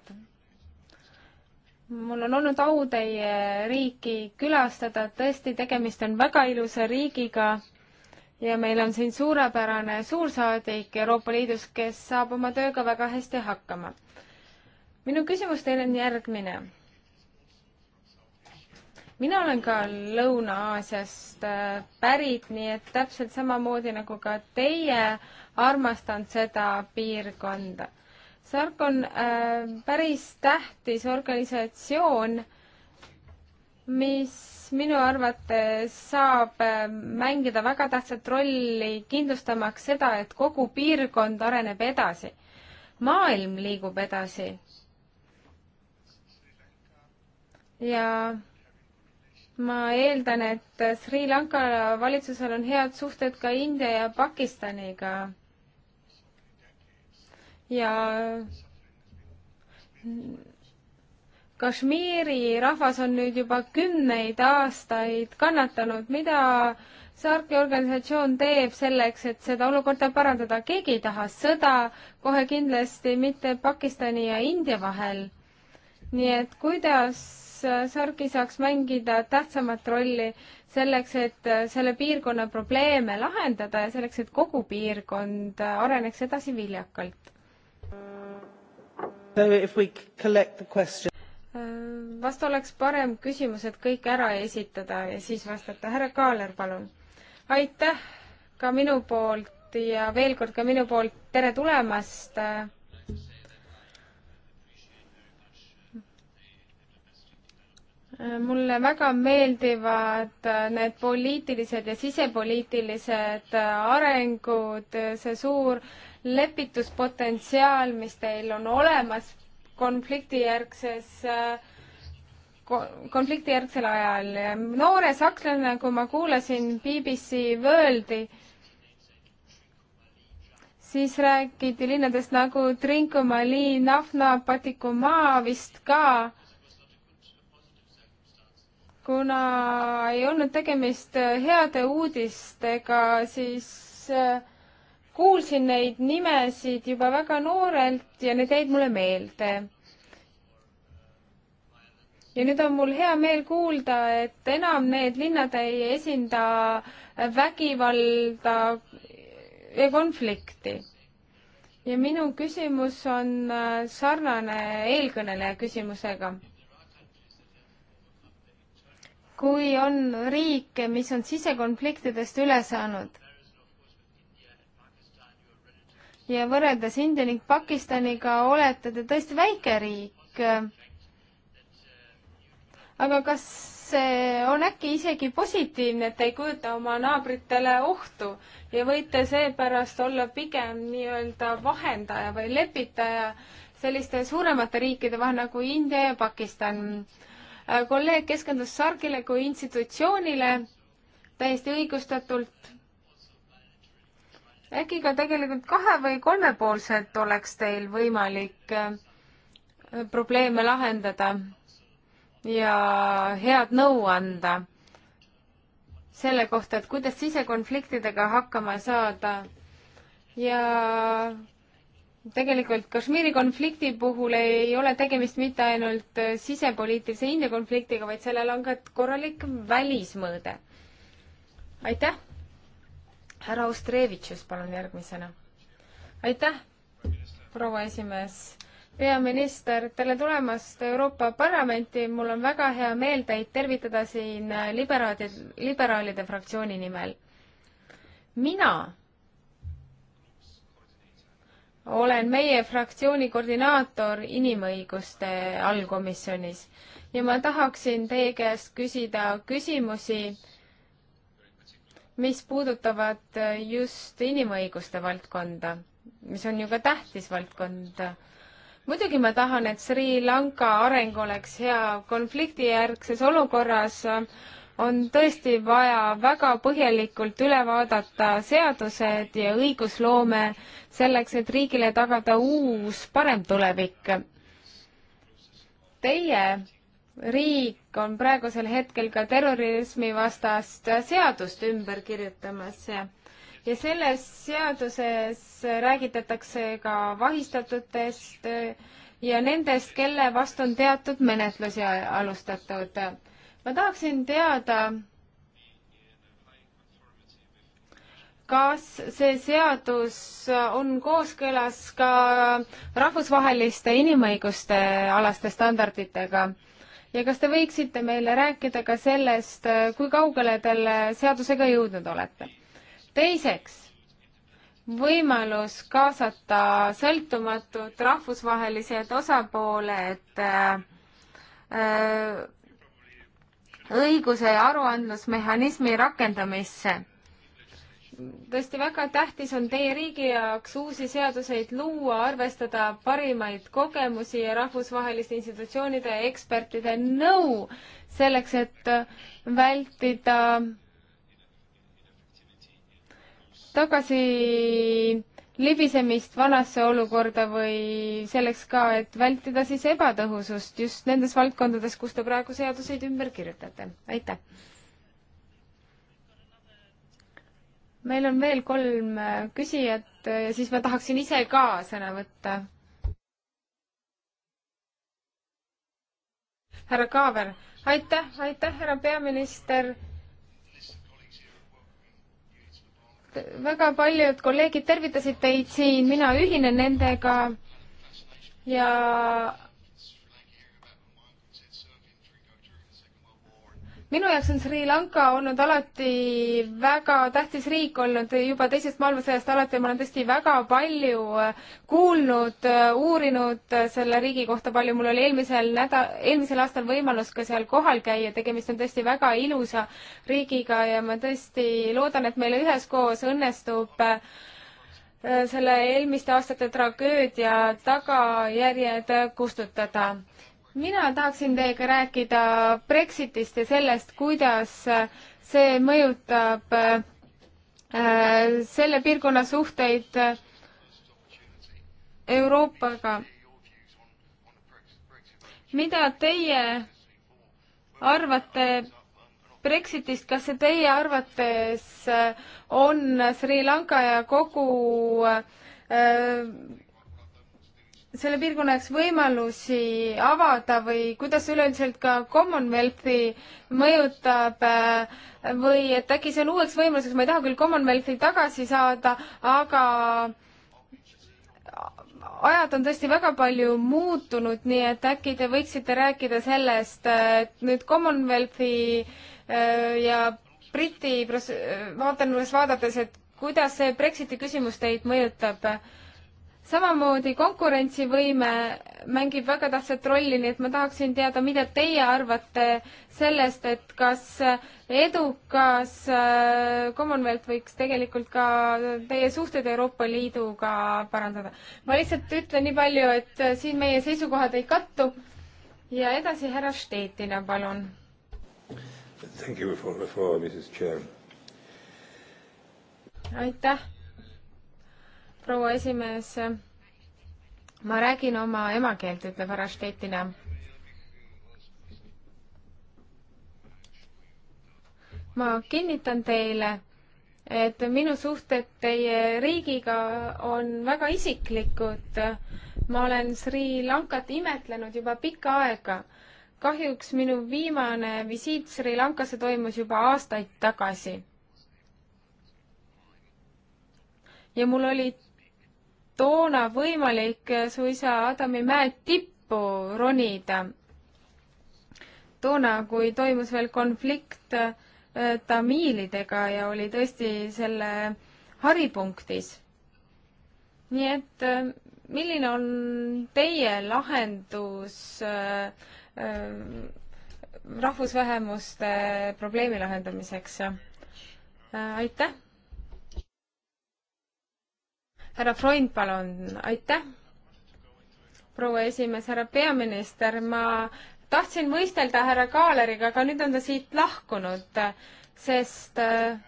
mul on olnud au teie riiki külastada, tõesti, tegemist on väga ilusa riigiga ja meil on siin suurepärane suursaadik Euroopa Liidus, kes saab oma tööga väga hästi hakkama. minu küsimus teile on järgmine mina olen ka Lõuna-Aasiast äh, pärit, nii et täpselt samamoodi nagu ka teie, armastan seda piirkonda. Sark on äh, päris tähtis organisatsioon, mis minu arvates saab äh, mängida väga tähtsat rolli kindlustamaks seda, et kogu piirkond areneb edasi. maailm liigub edasi. ja ma eeldan, et Sri Lanka valitsusel on head suhted ka India ja Pakistaniga. ja Kashmiri rahvas on nüüd juba kümneid aastaid kannatanud, mida Sarki organisatsioon teeb selleks, et seda olukorda parandada, keegi ei taha sõda, kohe kindlasti mitte Pakistani ja India vahel. nii et kuidas Sargi saaks mängida tähtsamat rolli selleks, et selle piirkonna probleeme lahendada ja selleks, et kogu piirkond areneks edasi viljakalt? vast oleks parem küsimused kõik ära esitada ja siis vastata. härra Kaaler, palun. aitäh ka minu poolt ja veel kord ka minu poolt tere tulemast äh, mulle väga meeldivad äh, need poliitilised ja sisepoliitilised äh, arengud, äh, see suur lepituspotentsiaal, mis teil on olemas konfliktijärgses, konfliktijärgsel ajal. noore sakslane, kui ma kuulasin BBC Worldi, siis räägiti linnadest nagu Trincomalee, Nafna, Patikumaa vist ka kuna ei olnud tegemist äh, heade uudistega, siis äh, kuulsin neid nimesid juba väga noorelt ja need jäid mulle meelde. ja nüüd on mul hea meel kuulda, et enam need linnad ei esinda vägivalda ja konflikti. ja minu küsimus on äh, sarnane eelkõneleja küsimusega kui on riike, mis on sisekonfliktidest üle saanud. ja võrreldes India ning Pakistaniga olete te tõesti väike riik. aga kas see on äkki isegi positiivne, et ei kujuta oma naabritele ohtu ja võite seepärast olla pigem nii-öelda vahendaja või lepitaja selliste suuremate riikide vahel nagu India ja Pakistan Äh, kolleeg keskendus Sargile kui institutsioonile täiesti õigustatult. äkki ka tegelikult kahe- või kolmepoolselt oleks teil võimalik äh, probleeme lahendada ja head nõu anda selle kohta, et kuidas sisekonfliktidega hakkama saada ja tegelikult Kashmiri konflikti puhul ei ole tegemist mitte ainult äh, sisepoliitilise India konfliktiga, vaid sellel on ka korralik välismõõde. aitäh! härra Ostrevitšus, palun järgmisena. aitäh, proua esimees! peaminister, tere tulemast Euroopa Parlamenti, mul on väga hea meel teid tervitada siin äh, liberaadi, liberaalide fraktsiooni nimel. mina olen meie fraktsiooni koordinaator inimõiguste allkomisjonis ja ma tahaksin teie käest küsida küsimusi, mis puudutavad just inimõiguste valdkonda, mis on ju ka tähtis valdkond. muidugi ma tahan, et Sri Lanka areng oleks hea konfliktijärgses olukorras, on tõesti vaja väga põhjalikult üle vaadata seadused ja õigusloome selleks, et riigile tagada uus, parem tulevik. Teie riik on praegusel hetkel ka terrorismivastast seadust ümber kirjutamas ja selles seaduses räägitatakse ka vahistatutest ja nendest, kelle vastu on teatud menetlusi alustatud ma tahaksin teada, kas see seadus on kooskõlas ka rahvusvaheliste inimõiguste alaste standarditega? ja kas te võiksite meile rääkida ka sellest, kui kaugele te seadusega jõudnud olete? teiseks, võimalus kaasata sõltumatud rahvusvahelised osapooled äh, äh, õiguse ja aruandlusmehhanismi rakendamisse. tõesti väga tähtis on teie riigi jaoks uusi seaduseid luua, arvestada parimaid kogemusi ja rahvusvaheliste institutsioonide ja ekspertide nõu selleks, et vältida tagasi libisemist vanasse olukorda või selleks ka, et vältida siis ebatõhusust just nendes valdkondades, kus te praegu seaduseid ümber kirjutate. aitäh! meil on veel kolm äh, küsijat äh, ja siis ma tahaksin ise ka sõna võtta. härra Kaaber, aitäh, aitäh, härra peaminister väga paljud kolleegid tervitasid teid siin, mina ühinen nendega ja minu jaoks on Sri Lanka olnud alati väga tähtis riik olnud juba teisest maailmasõjast alati ja ma olen tõesti väga palju äh, kuulnud, äh, uurinud äh, selle riigi kohta palju. mul oli eelmisel nädal, eelmisel aastal võimalus ka seal kohal käia, tegemist on tõesti väga ilusa riigiga ja ma tõesti loodan, et meil üheskoos õnnestub selle eelmiste aastate tragöödia tagajärjed kustutada mina tahaksin teiega rääkida Brexitist ja sellest, kuidas see mõjutab äh, selle piirkonna suhteid äh, Euroopaga. mida teie arvate Brexitist, kas see teie arvates äh, on Sri Lanka ja kogu äh, selle piirkonna jaoks võimalusi avada või kuidas üleüldiselt ka Commonwealthi mõjutab äh, või et äkki see on uueks võimaluseks, ma ei taha küll Commonwealthi tagasi saada, aga ajad on tõesti väga palju muutunud, nii et äkki te võiksite rääkida sellest, et nüüd Commonwealthi äh, ja Briti vaatenurgast vaadates, et kuidas see Brexiti küsimus teid mõjutab samamoodi konkurentsivõime mängib väga tähtsat rolli, nii et ma tahaksin teada, mida teie arvate sellest, et kas edukas äh, Commonwealth võiks tegelikult ka teie suhted Euroopa Liiduga parandada. ma lihtsalt ütlen nii palju, et äh, siin meie seisukohad ei kattu ja edasi härra Štetina, palun. aitäh proua esimees. ma räägin oma emakeelt, ütleb härra Štetina. ma kinnitan teile, et minu suhted teie riigiga on väga isiklikud. ma olen Sri Lankat imetlenud juba pikka aega. kahjuks minu viimane visiit Sri Lankasse toimus juba aastaid tagasi. ja mul olid toona võimalik suisa Adami mäe tippu ronida. toona, kui toimus veel konflikt äh, tamiilidega ja oli tõesti selle haripunktis. nii et äh, milline on teie lahendus äh, äh, rahvusvähemuste probleemi lahendamiseks äh,? aitäh härra Freund, palun, aitäh! proua esimees, härra peaminister, ma tahtsin võistelda härra Kaaleriga, aga nüüd on ta siit lahkunud, sest äh,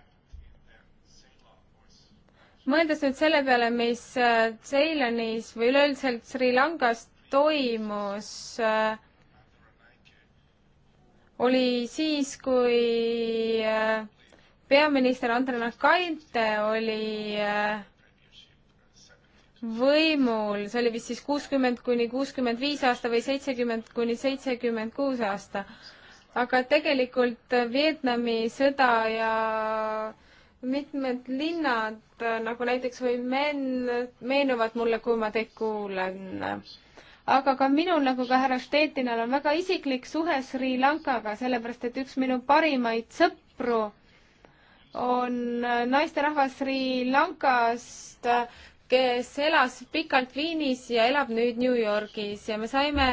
mõeldes nüüd selle peale, mis äh, Ceylonis või üleüldiselt Sri Lankas toimus, äh, oli siis, kui peaminister Andrei Nakaite oli äh, võimul, see oli vist siis kuuskümmend kuni kuuskümmend viis aasta või seitsekümmend kuni seitsekümmend kuus aasta. aga tegelikult Vietnami sõda ja mitmed linnad, nagu näiteks või men-, meenuvad mulle, kui ma teid kuulan. aga ka minul, nagu ka härra Štetinal, on väga isiklik suhe Sri Lankaga, sellepärast et üks minu parimaid sõpru on naisterahvas Sri Lankast, kes elas pikalt Viinis ja elab nüüd New Yorgis ja me saime,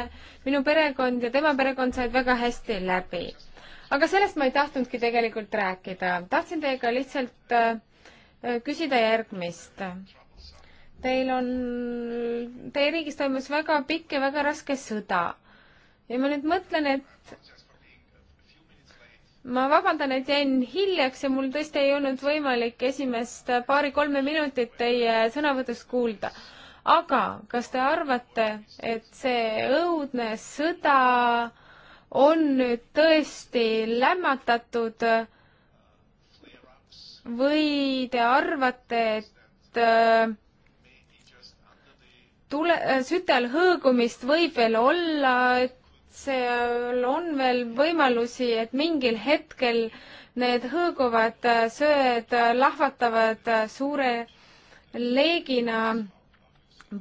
minu perekond ja tema perekond said väga hästi läbi. aga sellest ma ei tahtnudki tegelikult rääkida, tahtsin teiega lihtsalt äh, küsida järgmist. Teil on, teie riigis toimus väga pikk ja väga raske sõda ja ma nüüd mõtlen, et ma vabandan, et jäin hiljaks ja mul tõesti ei olnud võimalik esimest paari-kolme minutit teie sõnavõtust kuulda. aga kas te arvate, et see õudne sõda on nüüd tõesti lämmatatud või te arvate, et äh, tule, sütel hõõgumist võib veel olla, et seal on veel võimalusi, et mingil hetkel need hõõguvad söed lahvatavad suure leegina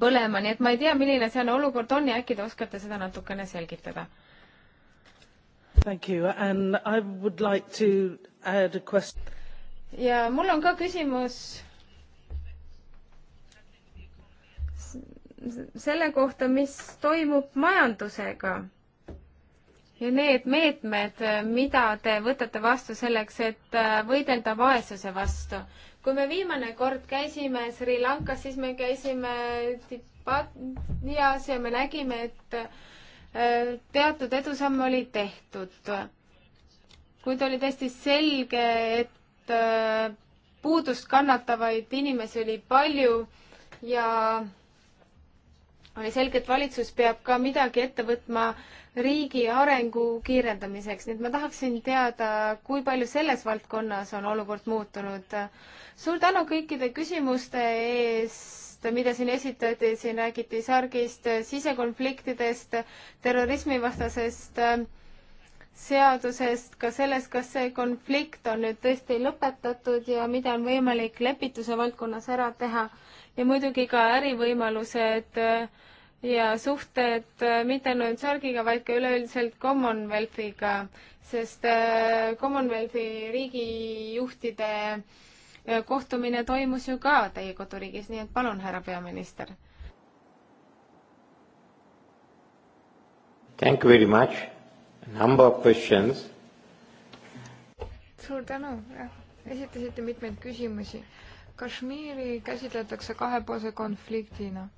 põlema, nii et ma ei tea, milline see on olukord on ja äkki te oskate seda natukene selgitada? Thank you and I would like to add a question. ja mul on ka küsimus selle kohta, mis toimub majandusega ja need meetmed, mida te võtate vastu selleks, et äh, võidelda vaesuse vastu. kui me viimane kord käisime Sri Lankas, siis me käisime Tibatias ja me nägime, et äh, teatud edusamme oli tehtud. kuid oli täiesti selge, et äh, puudust kannatavaid inimesi oli palju ja oli selge, et valitsus peab ka midagi ette võtma riigi arengu kiirendamiseks, nii et ma tahaksin teada, kui palju selles valdkonnas on olukord muutunud. suur tänu kõikide küsimuste eest, mida siin esitati, siin räägiti särgist, sisekonfliktidest, terrorismivastasest äh, seadusest, ka sellest, kas see konflikt on nüüd tõesti lõpetatud ja mida on võimalik lepituse valdkonnas ära teha ja muidugi ka ärivõimalused äh, ja suhted äh, mitte ainult Sargiga, vaid ka üleüldiselt Commonwealthiga, sest äh, Commonwealthi riigijuhtide kohtumine toimus ju ka teie koduriigis, nii et palun, härra peaminister. Thank you very much number of questions. suur tänu, esitasite mitmeid küsimusi. Kashmiri käsitletakse kahepoolse konfliktina.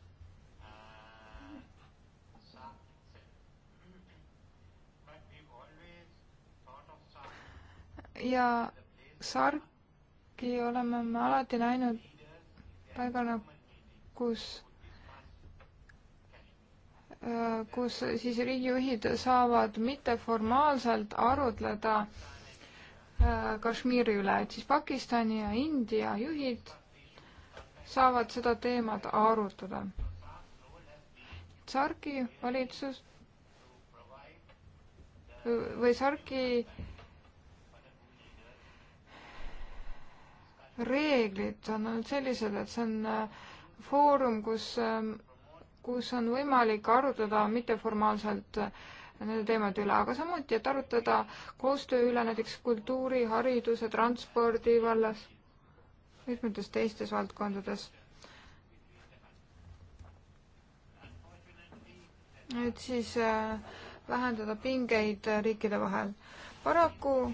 ja sarki oleme me alati näinud paigana, kus kus siis riigijuhid saavad mitteformaalselt arutleda äh, Kashmiri üle, et siis Pakistani ja India juhid saavad seda teemat arutada. Sarki valitsus või Sarki reeglid on olnud sellised, et see on äh, foorum, kus ähm, kus on võimalik arutada mitteformaalselt nende teemade üle, aga samuti, et arutada koostöö üle näiteks kultuuri, hariduse, transpordi vallas, mitmetes teistes valdkondades. et siis äh, vähendada pingeid riikide vahel. paraku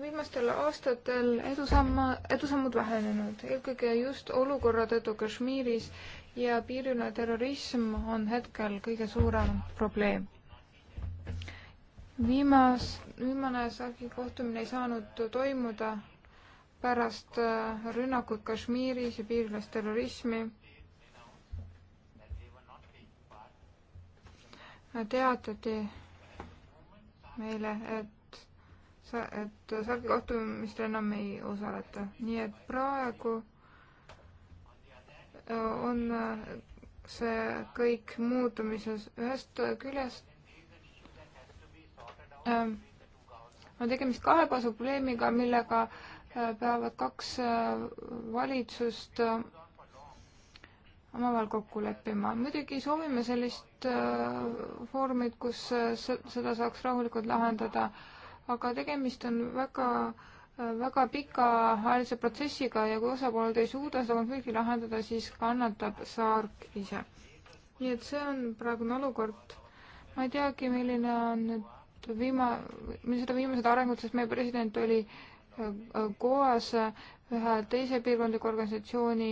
viimastel aastatel edusamme, edusammud vähenenud, eelkõige just olukorra tõttu Kashmiris ja piiriline terrorism on hetkel kõige suurem probleem. viimas, viimane Sahhi kohtumine ei saanud toimuda pärast äh, rünnakuid Kashmiris ja piirilist terrorismi. teatati meile, et sa, et Sahhi kohtumistel enam ei osaleta, nii et praegu on äh, see kõik muutumises ühest küljest ähm, on tegemist kahepasu probleemiga, millega äh, peavad kaks äh, valitsust omavahel kokku leppima. muidugi soovime sellist foorumit, kus seda saaks rahulikult lahendada, aga tegemist on väga äh, väga pikaajalise protsessiga ja kui osapooled ei suuda seda konflikti lahendada, siis kannatab saar ise. nii et see on praegune olukord. ma ei teagi, milline on nüüd viima-, millised on viimased arengud, sest meie president oli Goas äh, äh, äh, ühe teise piirkondliku organisatsiooni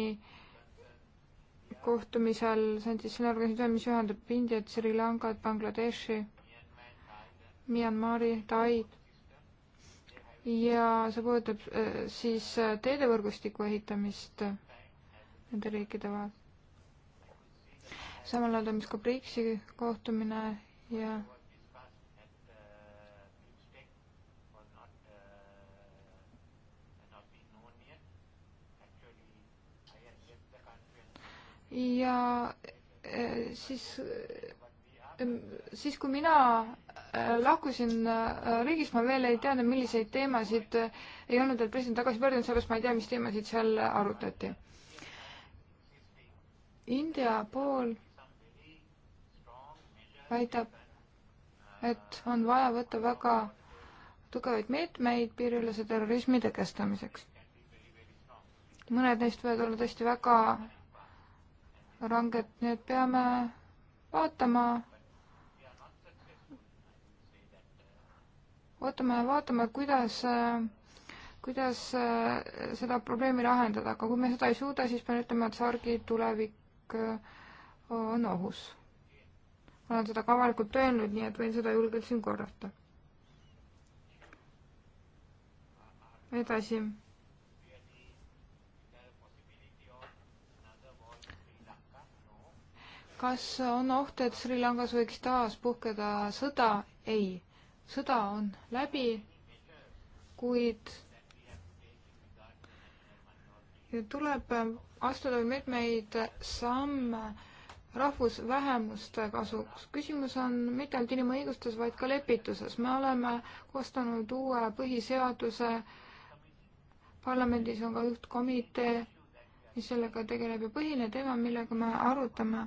kohtumisel, see on siis selline organisatsioon, mis ühendab Indiat, Sri Lankat, Bangladeshi, Myanmari, Taid ja see puudutab äh, siis äh, teedevõrgustiku ehitamist nende riikide vahel. samal ajal toimus ka BRICS-i kohtumine ja ja äh, siis, siis kui mina lahkusin äh, riigist, ma veel ei teadnud, milliseid teemasid äh, ei olnud veel president tagasi pöördunud, sellepärast ma ei tea, mis teemasid seal arutati. India pool väidab, et on vaja võtta väga tugevaid meetmeid piiriülese terrorismi tõkestamiseks. mõned neist võivad olla tõesti väga ranged, nii et peame vaatama, ootame, vaatame, kuidas, äh, kuidas äh, seda probleemi lahendada, aga kui me seda ei suuda, siis pean ütlema, et Sargi tulevik äh, on ohus. olen seda ka avalikult öelnud, nii et võin seda julgelt siin korrata. edasi kas on oht, et Sri Lankas võiks taas puhkeda sõda? ei sõda on läbi, kuid tuleb astuda mitmeid samme rahvusvähemuste kasuks. küsimus on mitte ainult inimõigustes, vaid ka lepituses. me oleme koostanud uue põhiseaduse, parlamendis on ka üht komitee, mis sellega tegeleb ja põhiline teema, millega me arutame,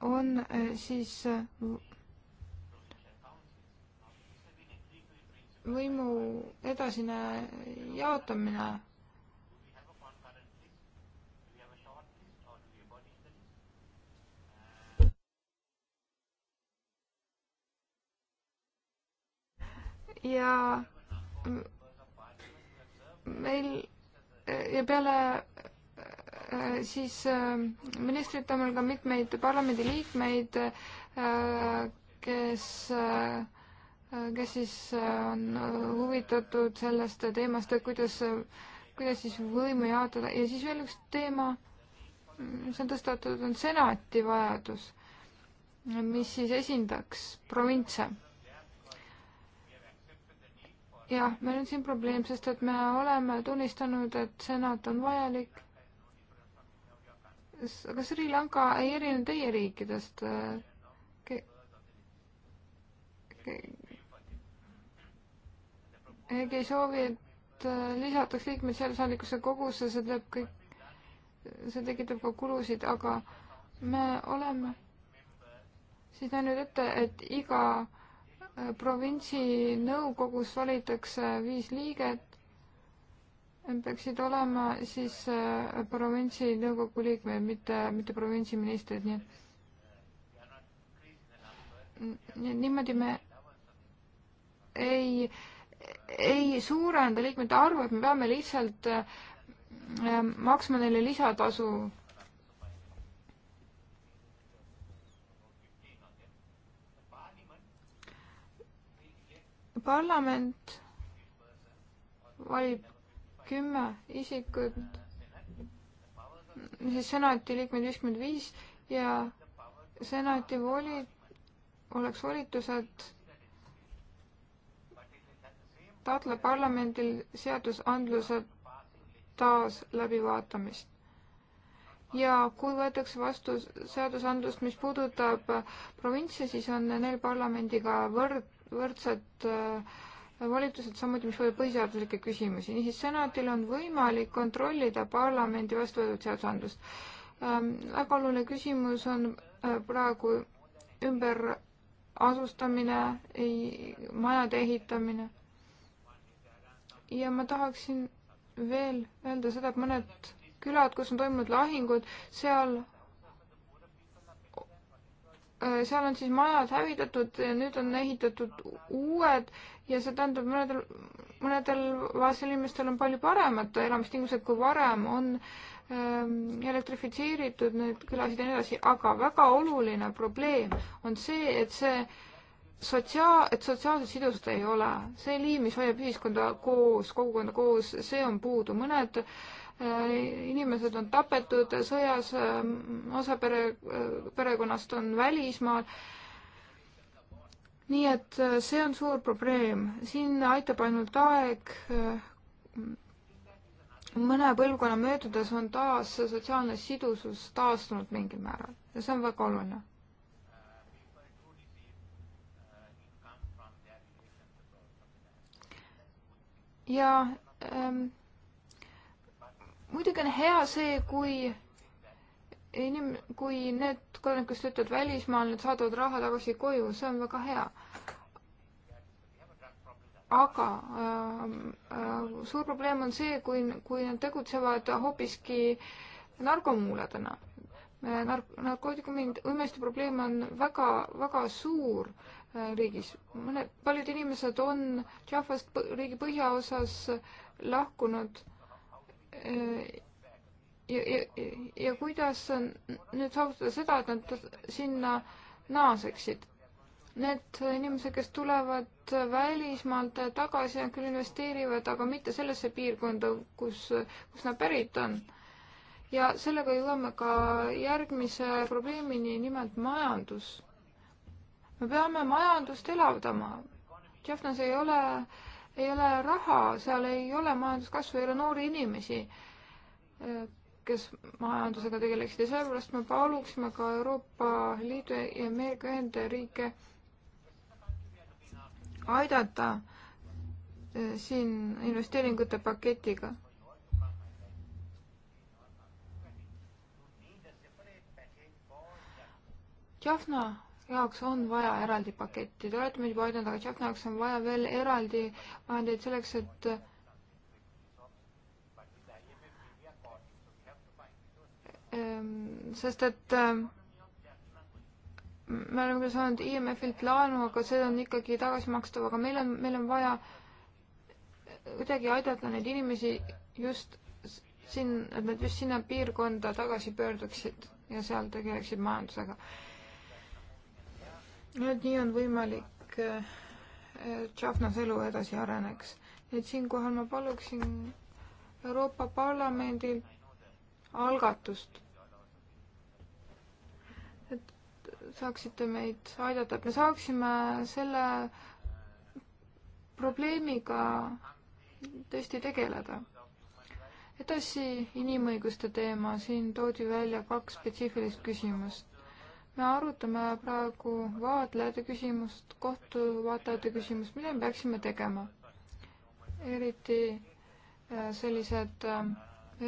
on eh, siis võimu edasine jaotamine ja meil ja peale äh, siis äh, ministrit on meil ka mitmeid parlamendiliikmeid, äh, kes Äh, kes siis äh, on äh, huvitatud sellest teemast, et kuidas, kuidas siis võimu jaotada ja siis veel üks teema, mis on tõstatatud, on senati vajadus, mis siis esindaks provintse. jah, meil on siin probleem, sest et me oleme tunnistanud, et senat on vajalik. aga Sri Lanka ei erine teie riikidest ke, ke, keegi ei soovi, et äh, lisataks liikmeid seadusandlikusse kogusse, see teeb kõik, see tekitab ka kulusid, aga me oleme siis näinud ette, et iga äh, provintsi nõukogus valitakse viis liiget, peaksid olema siis äh, provintsi nõukogu liikmed, mitte, mitte provintsiministrid, nii et niimoodi me ei äh, ei suurenda liikmete arvu, et me peame lihtsalt äh, maksma neile lisatasu parlament valib kümme isikut, siis senati liikmed viiskümmend viis ja senati voli, oleks volitused taotleb parlamendil seadusandluse taas läbivaatamist. ja kui võetakse vastu seadusandlust, mis puudutab provintsi, siis on neil parlamendiga võrd, võrdsed äh, volitused, samuti mis puudutab põhiseaduslikke küsimusi. niisiis, senatil on võimalik kontrollida parlamendi vastu võetud seadusandlust ähm,. väga oluline küsimus on äh, praegu ümberasustamine, majade ehitamine ja ma tahaksin veel öelda seda, et mõned külad, kus on toimunud lahingud, seal, äh, seal on siis majad hävitatud ja nüüd on ehitatud uued ja see tähendab, mõnedel, mõnedel vaesel inimestel on palju paremad elamistingimused kui varem, on ähm, elektrifitseeritud need külasid ja nii edasi, aga väga oluline probleem on see, et see äh, sotsiaal, et sotsiaalset sidusust ei ole. see liim, mis hoiab ühiskonda koos, kogukonda koos, see on puudu. mõned äh, inimesed on tapetud sõjas, ähm, osa pere, äh, perekonnast on välismaal. nii et äh, see on suur probleem. siin aitab ainult aeg. mõne põlvkonna möödudes on taas sotsiaalne sidusus taastunud mingil määral ja see on väga oluline ja ähm, muidugi on hea see, kui inim-, kui need kodanikud, kes töötavad välismaal, nüüd saadavad raha tagasi koju, see on väga hea. aga äh, äh, suur probleem on see, kui, kui nad tegutsevad hoopiski narkomuuladena äh, nark-, narkootikumid, õimeste probleem on väga, väga suur Äh, riigis. mõne, paljud inimesed on Jaffast põ, riigi põhjaosas lahkunud äh, ja, ja, ja kuidas nüüd saavutada seda, et nad sinna naaseksid? Need inimesed, kes tulevad välismaalt tagasi, nad küll investeerivad, aga mitte sellesse piirkonda, kus, kus nad pärit on. ja sellega jõuame ka järgmise probleemini, nimelt majandus me peame majandust elavdama. Tšehhnas ei ole, ei ole raha, seal ei ole majanduskasvu, ei ole noori inimesi, eh, kes majandusega tegeleksid ja sellepärast me paluksime ka Euroopa Liidu ja Ameerika Ühendriike aidata eh, siin investeeringute paketiga Jaffna jaoks on vaja eraldi paketti, te olete meid juba aidanud, aga Tšehhna jaoks on vaja veel eraldi vahendeid selleks, et ehm, sest et ehm, me oleme küll saanud IMF-ilt laenu, aga see on ikkagi tagasimakstav, aga meil on, meil on vaja kuidagi aidata neid inimesi just siin, et nad just sinna piirkonda tagasi pöörduksid ja seal tegeleksid majandusega et nii on võimalik, et eh, Tšahvnas elu edasi areneks. et siinkohal ma paluksin Euroopa Parlamendil algatust, et saaksite meid aidata, et me saaksime selle probleemiga tõesti tegeleda. edasi inimõiguste teema, siin toodi välja kaks spetsiifilist küsimust me arutame praegu vaatlejate küsimust, kohtuvaatajate küsimust, mida me peaksime tegema. eriti äh, sellised äh,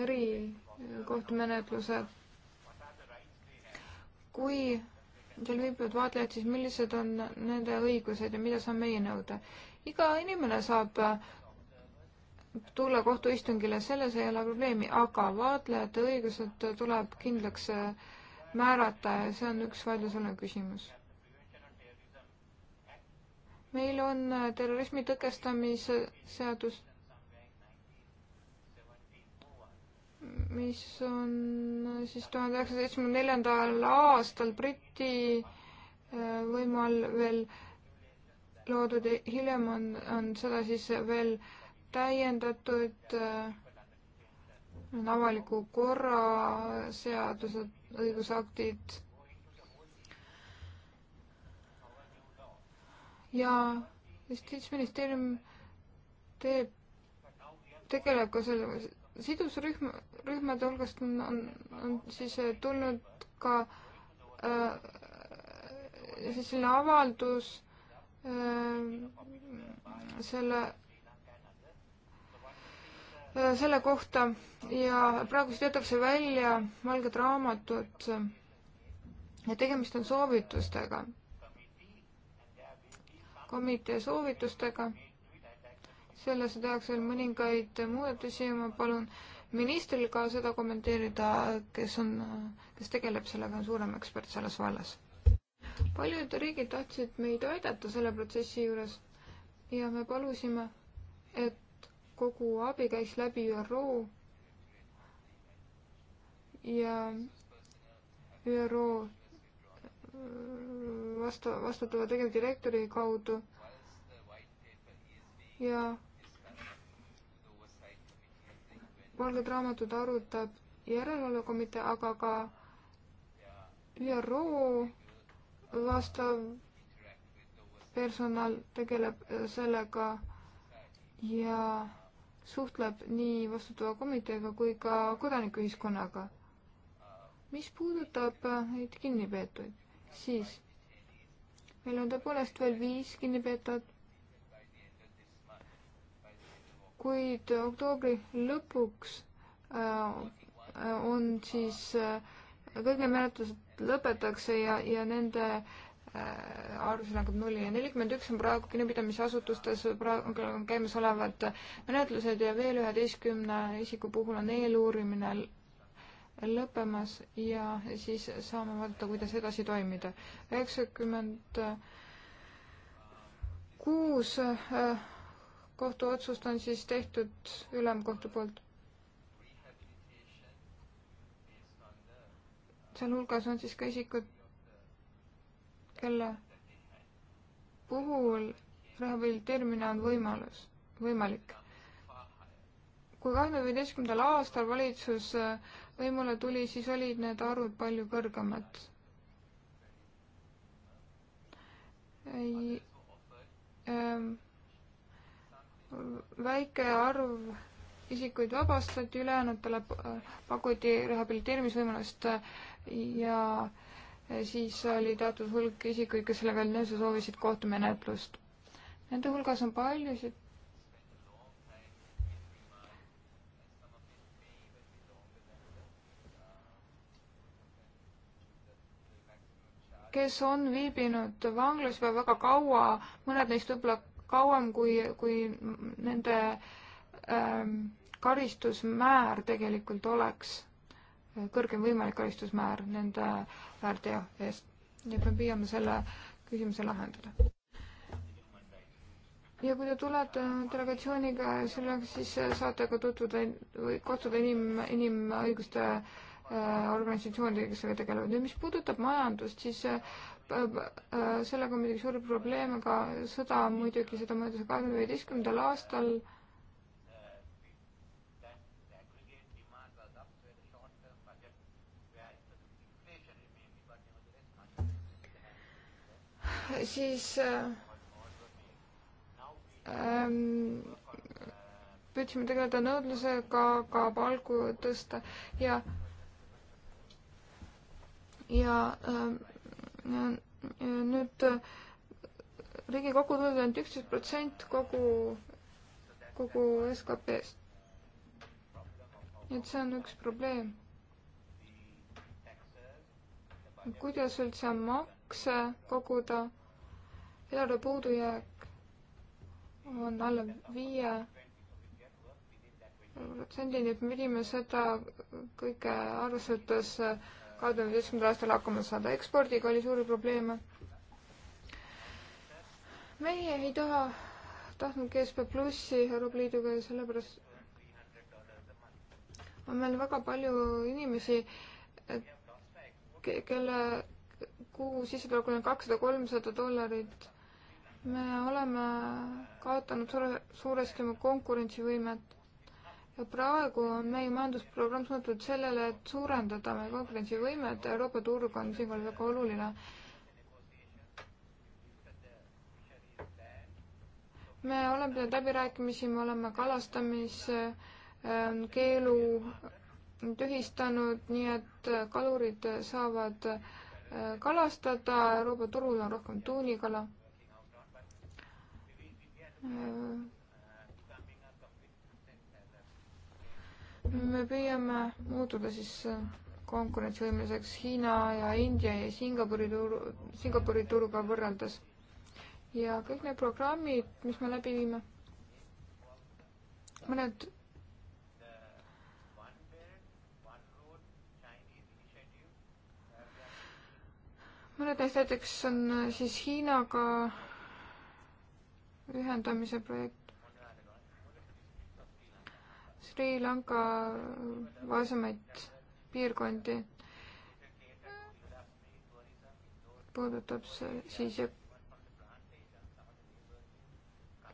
erikohtumenetlused. kui seal viibivad vaatlejad, siis millised on nende õigused ja mida saab meie nõuda? iga inimene saab äh, tulla kohtuistungile, selles ei ole probleemi, aga vaatlejate õigused tuleb kindlaks äh, määrata ja see on üks vaidlusalune küsimus. meil on äh, terrorismi tõkestamise seadus, mis on äh, siis tuhande üheksasaja seitsmekümne neljandal aastal Briti äh, võimu all veel loodud ja hiljem on, on seda siis veel täiendatud äh, avaliku korra seadused, õigusaktid ja justiitsministeerium teeb, tegeleb ka selle sidusrühm, rühmade hulgast on, on, on siis eh, tulnud ka äh, siis selline avaldus äh, selle Äh, selle kohta ja praegu töötakse välja valged raamatud ja tegemist on soovitustega, komitee soovitustega. sellesse tehakse mõningaid muudatusi ja ma palun ministril ka seda kommenteerida, kes on, kes tegeleb sellega, on suurem ekspert selles vallas. paljud riigid tahtsid meid aidata selle protsessi juures ja me palusime, et kogu abi käis läbi ÜRO ja ÜRO äh, vastu, vastutava tegevdirektori kaudu ja valged raamatud arutab järelevalvekomitee, aga ka ÜRO vastav personal tegeleb äh, sellega ja suhtleb nii vastutava komiteega kui ka kodanikuühiskonnaga. mis puudutab äh, neid kinnipeetuid, siis meil on tõepoolest veel viis kinnipeetavat, kuid oktoobri lõpuks äh, äh, on siis kõik need menetlused lõpetatakse ja, ja nende äh, Äh, arv langeb nullini. nelikümmend üks on praegu kinnipidamisasutustes praegu käimasolevad menetlused ja veel üheteistkümne isiku puhul on eeluurimine lõppemas ja siis saame vaadata, kuidas edasi toimida. üheksakümmend kuus äh, kohtuotsust on siis tehtud ülemkohtu poolt sealhulgas on siis ka isikud, kelle puhul rehabiliteerimine on võimalus, võimalik. kui kahekümne viieteistkümnendal aastal valitsus äh, võimule tuli, siis olid need arvud palju kõrgemad. Ähm, väike arv isikuid vabastati, ülejäänutele äh, pakuti rehabiliteerimisvõimalust äh, ja äh, siis oli teatud hulk isikuid, kes sellega olid nõus ja soovisid kohtumenetlust. Nende hulgas on paljusid kes on viibinud vanglas juba väga kaua, mõned neist võib-olla kauem kui, kui nende ähm, karistusmäär tegelikult oleks kõrgem võimalik karistusmäär nende väärteo eest. nii et me püüame selle küsimuse lahendada. ja kui te tulete delegatsiooniga selleks, siis saate ka tutvuda või kohtuda inim, inimõiguste äh, organisatsioonidega, kes sellega tegelevad. nüüd, mis puudutab majandust, siis äh, äh, sellega on muidugi suur probleem, aga sõda muidugi, seda mõjutas kahe tuhande üheteistkümnendal aastal siis äh, ähm, püüdsime tegeleda nõudlusega, ka palku tõsta ja ja ähm, nüüd äh, riigi kogutulud on üksteist protsent kogu, kogu SKP-st. nii et see on üks probleem. kuidas üldse makse koguda eelarve puudujääk on alla viie protsendi, nii et me pidime seda kõike arvesse võttes kahe tuhande üheteistkümnendal aastal hakkama saada. ekspordiga oli suuri probleeme. meie ei taha, tahtnud GSP Plussi Euroopa Liiduga ja sellepärast on meil väga palju inimesi, kelle kuu sissetulek on kakssada, kolmsada dollarit me oleme kaotanud suure, suuresti oma konkurentsivõimet ja praegu on meie majandusprogramm suunatud sellele, et suurendada meie konkurentsivõimet, Euroopa turg on siinkohal väga oluline. me oleme pidanud läbirääkimisi, me oleme kalastamiskeelu ähm, tühistanud, nii et äh, kalurid saavad äh, kalastada, Euroopa turul on rohkem tuunikala me püüame muutuda siis konkurentsivõimeliseks Hiina ja India ja Singapuri turu, Singapuri turuga võrreldes. ja kõik need programmid, mis me läbi viime, mõned mõned neist näiteks on siis Hiinaga ühendamise projekt. Sri Lanka vaesemaid piirkondi puudutab see siis ja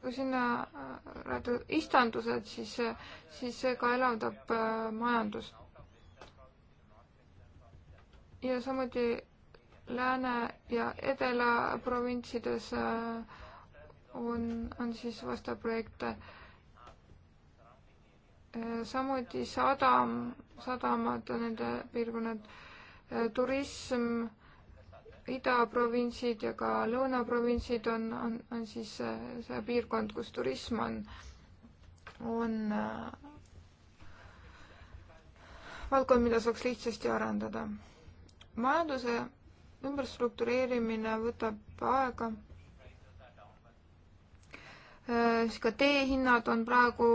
kui sinna rääkida äh, istandused, siis, siis see ka elavdab äh, majandust. ja samuti Lääne ja Edela provintsides äh, on, on siis vastav projekt. Äh, samuti sadam, sadamad, nende piirkonnad, äh, turism, idaprovintsid ja ka lõunaprovintsid on, on, on siis äh, see piirkond, kus turism on, on valdkond, mida saaks lihtsasti arendada. majanduse ümberstruktureerimine võtab aega Äh, ka teehinnad on praegu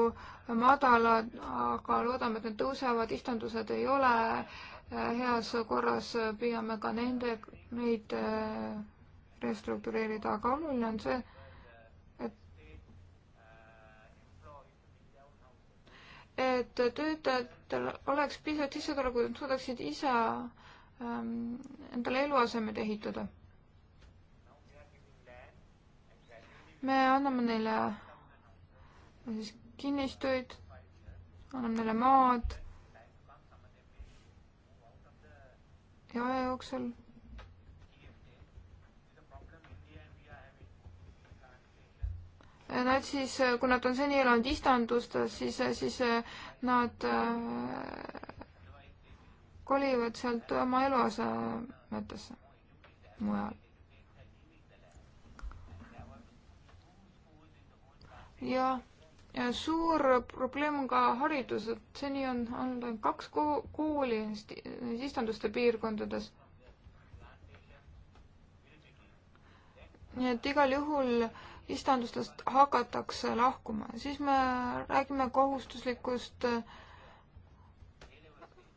madalad, aga loodame, et need tõusevad, istandused ei ole äh, heas korras, püüame ka nende, neid äh, restruktureerida, aga oluline on see, et et töötajatel oleks piisavalt sissetulekut, et nad suudaksid ise ähm, endale eluasemed ehitada me anname neile siis kinnistuid, anname neile maad ja aja jooksul nad siis, kui nad on seni elanud istandustes, siis, siis nad kolivad sealt oma eluasemetesse mujal. ja, ja suur probleem on ka haridus, et seni on olnud ainult kaks kooli istanduste piirkondades. nii et igal juhul istandustest hakatakse lahkuma, siis me räägime kohustuslikust äh,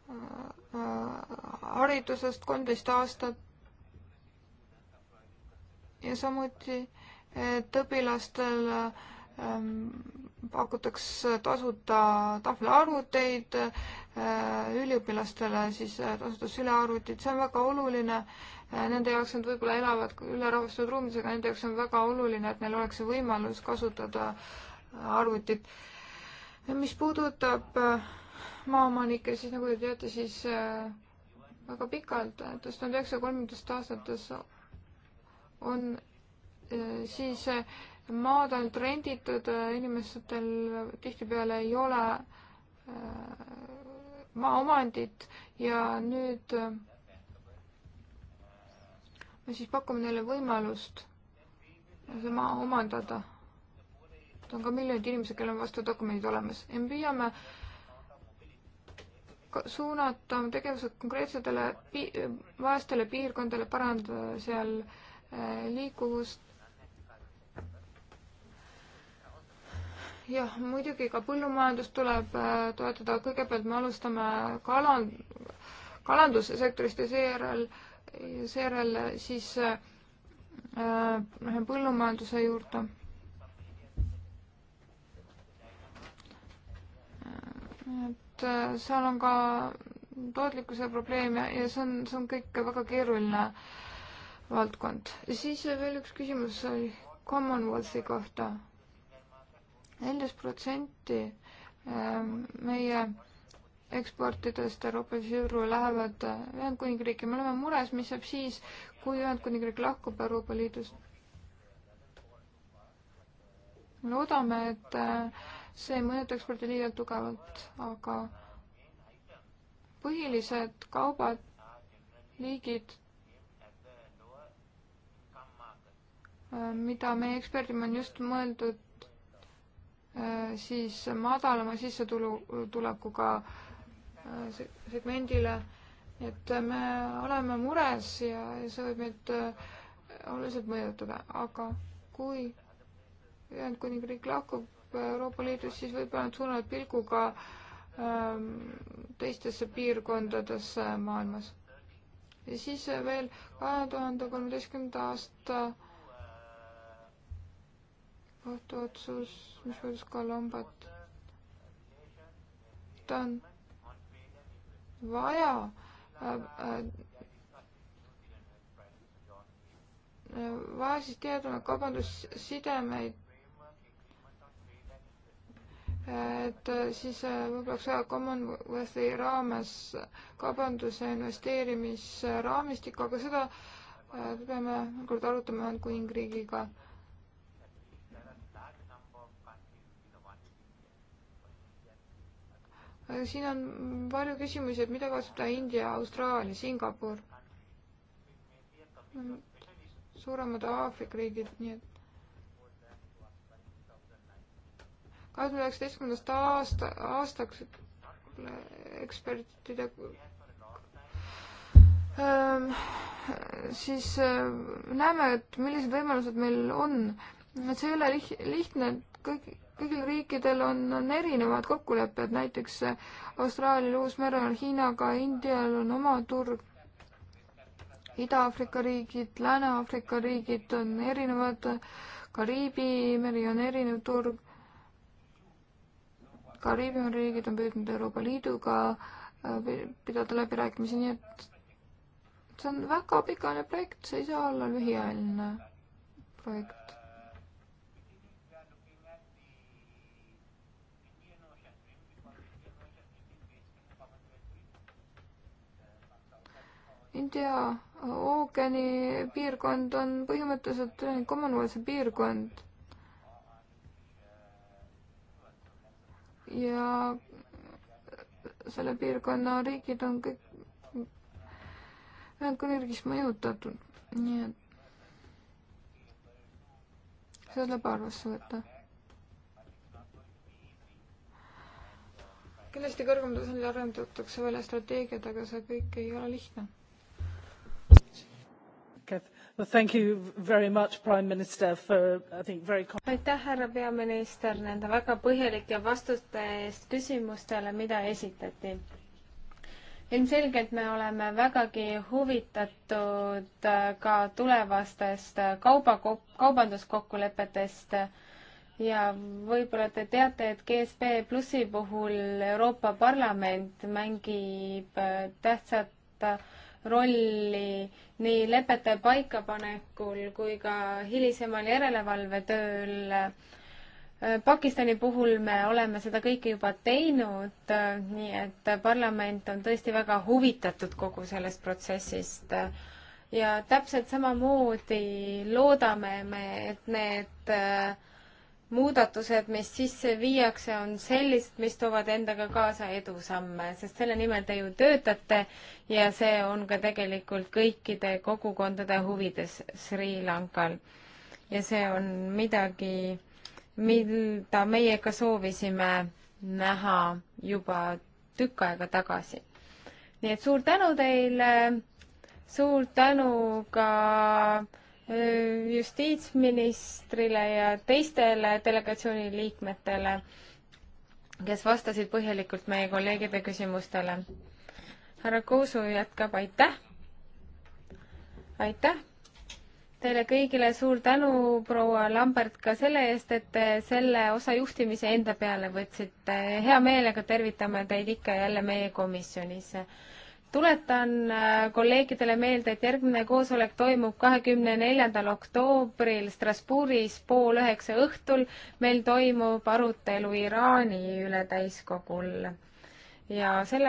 äh, haridusest kolmteist aastat ja samuti, et õpilastel äh, Ähm, pakutakse tasuta tahvelarvuteid äh, üliõpilastele, siis äh, tasuta sülearvutid, see on väga oluline. Äh, nende jaoks nad võib-olla elavad ülerahvastatud ruumides, aga nende jaoks on väga oluline, et neil oleks see võimalus kasutada arvutit. mis puudutab maaomanikke, siis nagu te teate, siis väga pikalt, tuhande üheksasaja kolmekümnendatest aastates on siis maad ainult renditud, äh, inimestel tihtipeale ei ole äh, maaomandit ja nüüd äh, me siis pakume neile võimalust see maa omandada. on ka miljonid inimesed, kellel on vastav dokumendid olemas ja me püüame suunata oma tegevused konkreetsetele pi vaestele piirkondadele, parandada seal liikuvust, jah, muidugi ka põllumajandust tuleb äh, toetada, kõigepealt me alustame kaland, kalandussektorist ja seejärel, seejärel siis äh, põllumajanduse juurde. et äh, seal on ka tootlikkuse probleem ja, ja see on, see on kõik väga keeruline valdkond. siis veel üks küsimus oli Commonwealthi kohta neliteist protsenti ähm, meie eksportidest Euroopa Liidu lähevad Ühendkuningriiki. me oleme mures, mis saab siis, kui Ühendkuningriik lahkub Euroopa Liidust. loodame, et äh, see ei mõjuta eksporti liiga tugevalt, aga põhilised kaubad, liigid, äh, mida meie eksperdime, on just mõeldud Äh, siis madalama sissetulekuga äh, segmendile. et me oleme mures ja see võib meid äh, oluliselt mõjutada, aga kui Ühendkuningriik lahkub Euroopa Liidust, siis võib-olla nad suunavad pilguga ähm, teistesse piirkondadesse maailmas. ja siis veel kahe tuhande kolmeteistkümnenda aasta kohtuotsus, mis puudutas ka lambat. ta on vaja äh, äh, vaja siis teadma kaubandussidemeid, et äh, siis äh, võib-olla oleks vaja Commonwealthi raames kaubanduse investeerimisraamistikku, aga seda äh, peame kord arutama Ühendkuningriigiga äh, siin on palju küsimusi, et mida kasutab India, Austraalia, Singapur, suuremad Aafrika riigid, nii et kahe tuhande üheksateistkümnendast aasta, aastaks ekspertide ähm, siis äh, näeme, et millised võimalused meil on. et see ei ole lihtne, kõik kõigil riikidel on, on erinevad kokkulepped, näiteks Austraalial, Uus-Merel, Hiinaga, Indial on oma turg, Ida-Aafrika riigid, Lääne-Aafrika riigid on erinevad, Kariibi meri on erinev turg. Kariibi riigid on püüdnud Euroopa Liiduga äh, pidada läbirääkimisi, nii et see on väga pikaajaline projekt, see ei saa olla lühiajaline projekt. India ookeani piirkond on põhimõtteliselt Commonwealthi piirkond. ja selle piirkonna riigid on kõik Ühendkuningriigis mõjutatud, nii et seda tuleb arvesse võtta kindlasti kõrgematasemel arendatakse välja strateegiad, aga see kõik ei ole lihtne. Much, Minister, for, think, very... aitäh, härra peaminister, nende väga põhjalike vastuste eest küsimustele, mida esitati. ilmselgelt me oleme vägagi huvitatud äh, ka tulevastest äh, kauba, kaubanduskokkulepetest ja võib-olla te teate, et GSP Plussi puhul Euroopa Parlament mängib äh, tähtsat rolli nii lepete paikapanekul kui ka hilisemal järelevalvetööl. Pakistani puhul me oleme seda kõike juba teinud, nii et parlament on tõesti väga huvitatud kogu sellest protsessist ja täpselt samamoodi loodame me, et need muudatused, mis sisse viiakse, on sellised, mis toovad endaga kaasa edusamme, sest selle nimel te ju töötate ja see on ka tegelikult kõikide kogukondade huvides Sri Lankal. ja see on midagi, mida meie ka soovisime näha juba tükk aega tagasi. nii et suur tänu teile, suur tänu ka äh, Äh, justiitsministrile ja teistele delegatsiooni liikmetele, kes vastasid põhjalikult meie kolleegide küsimustele. härra Kuusu jätkab, aitäh! aitäh! Teile kõigile suur tänu, proua Lambert, ka selle eest, et te selle osa juhtimise enda peale võtsite. hea meelega tervitame teid ikka jälle meie komisjonis tuletan äh, kolleegidele meelde, et järgmine koosolek toimub kahekümne neljandal oktoobril Strasbourgis pool üheksa õhtul. meil toimub arutelu Iraani üle täiskogul ja sellega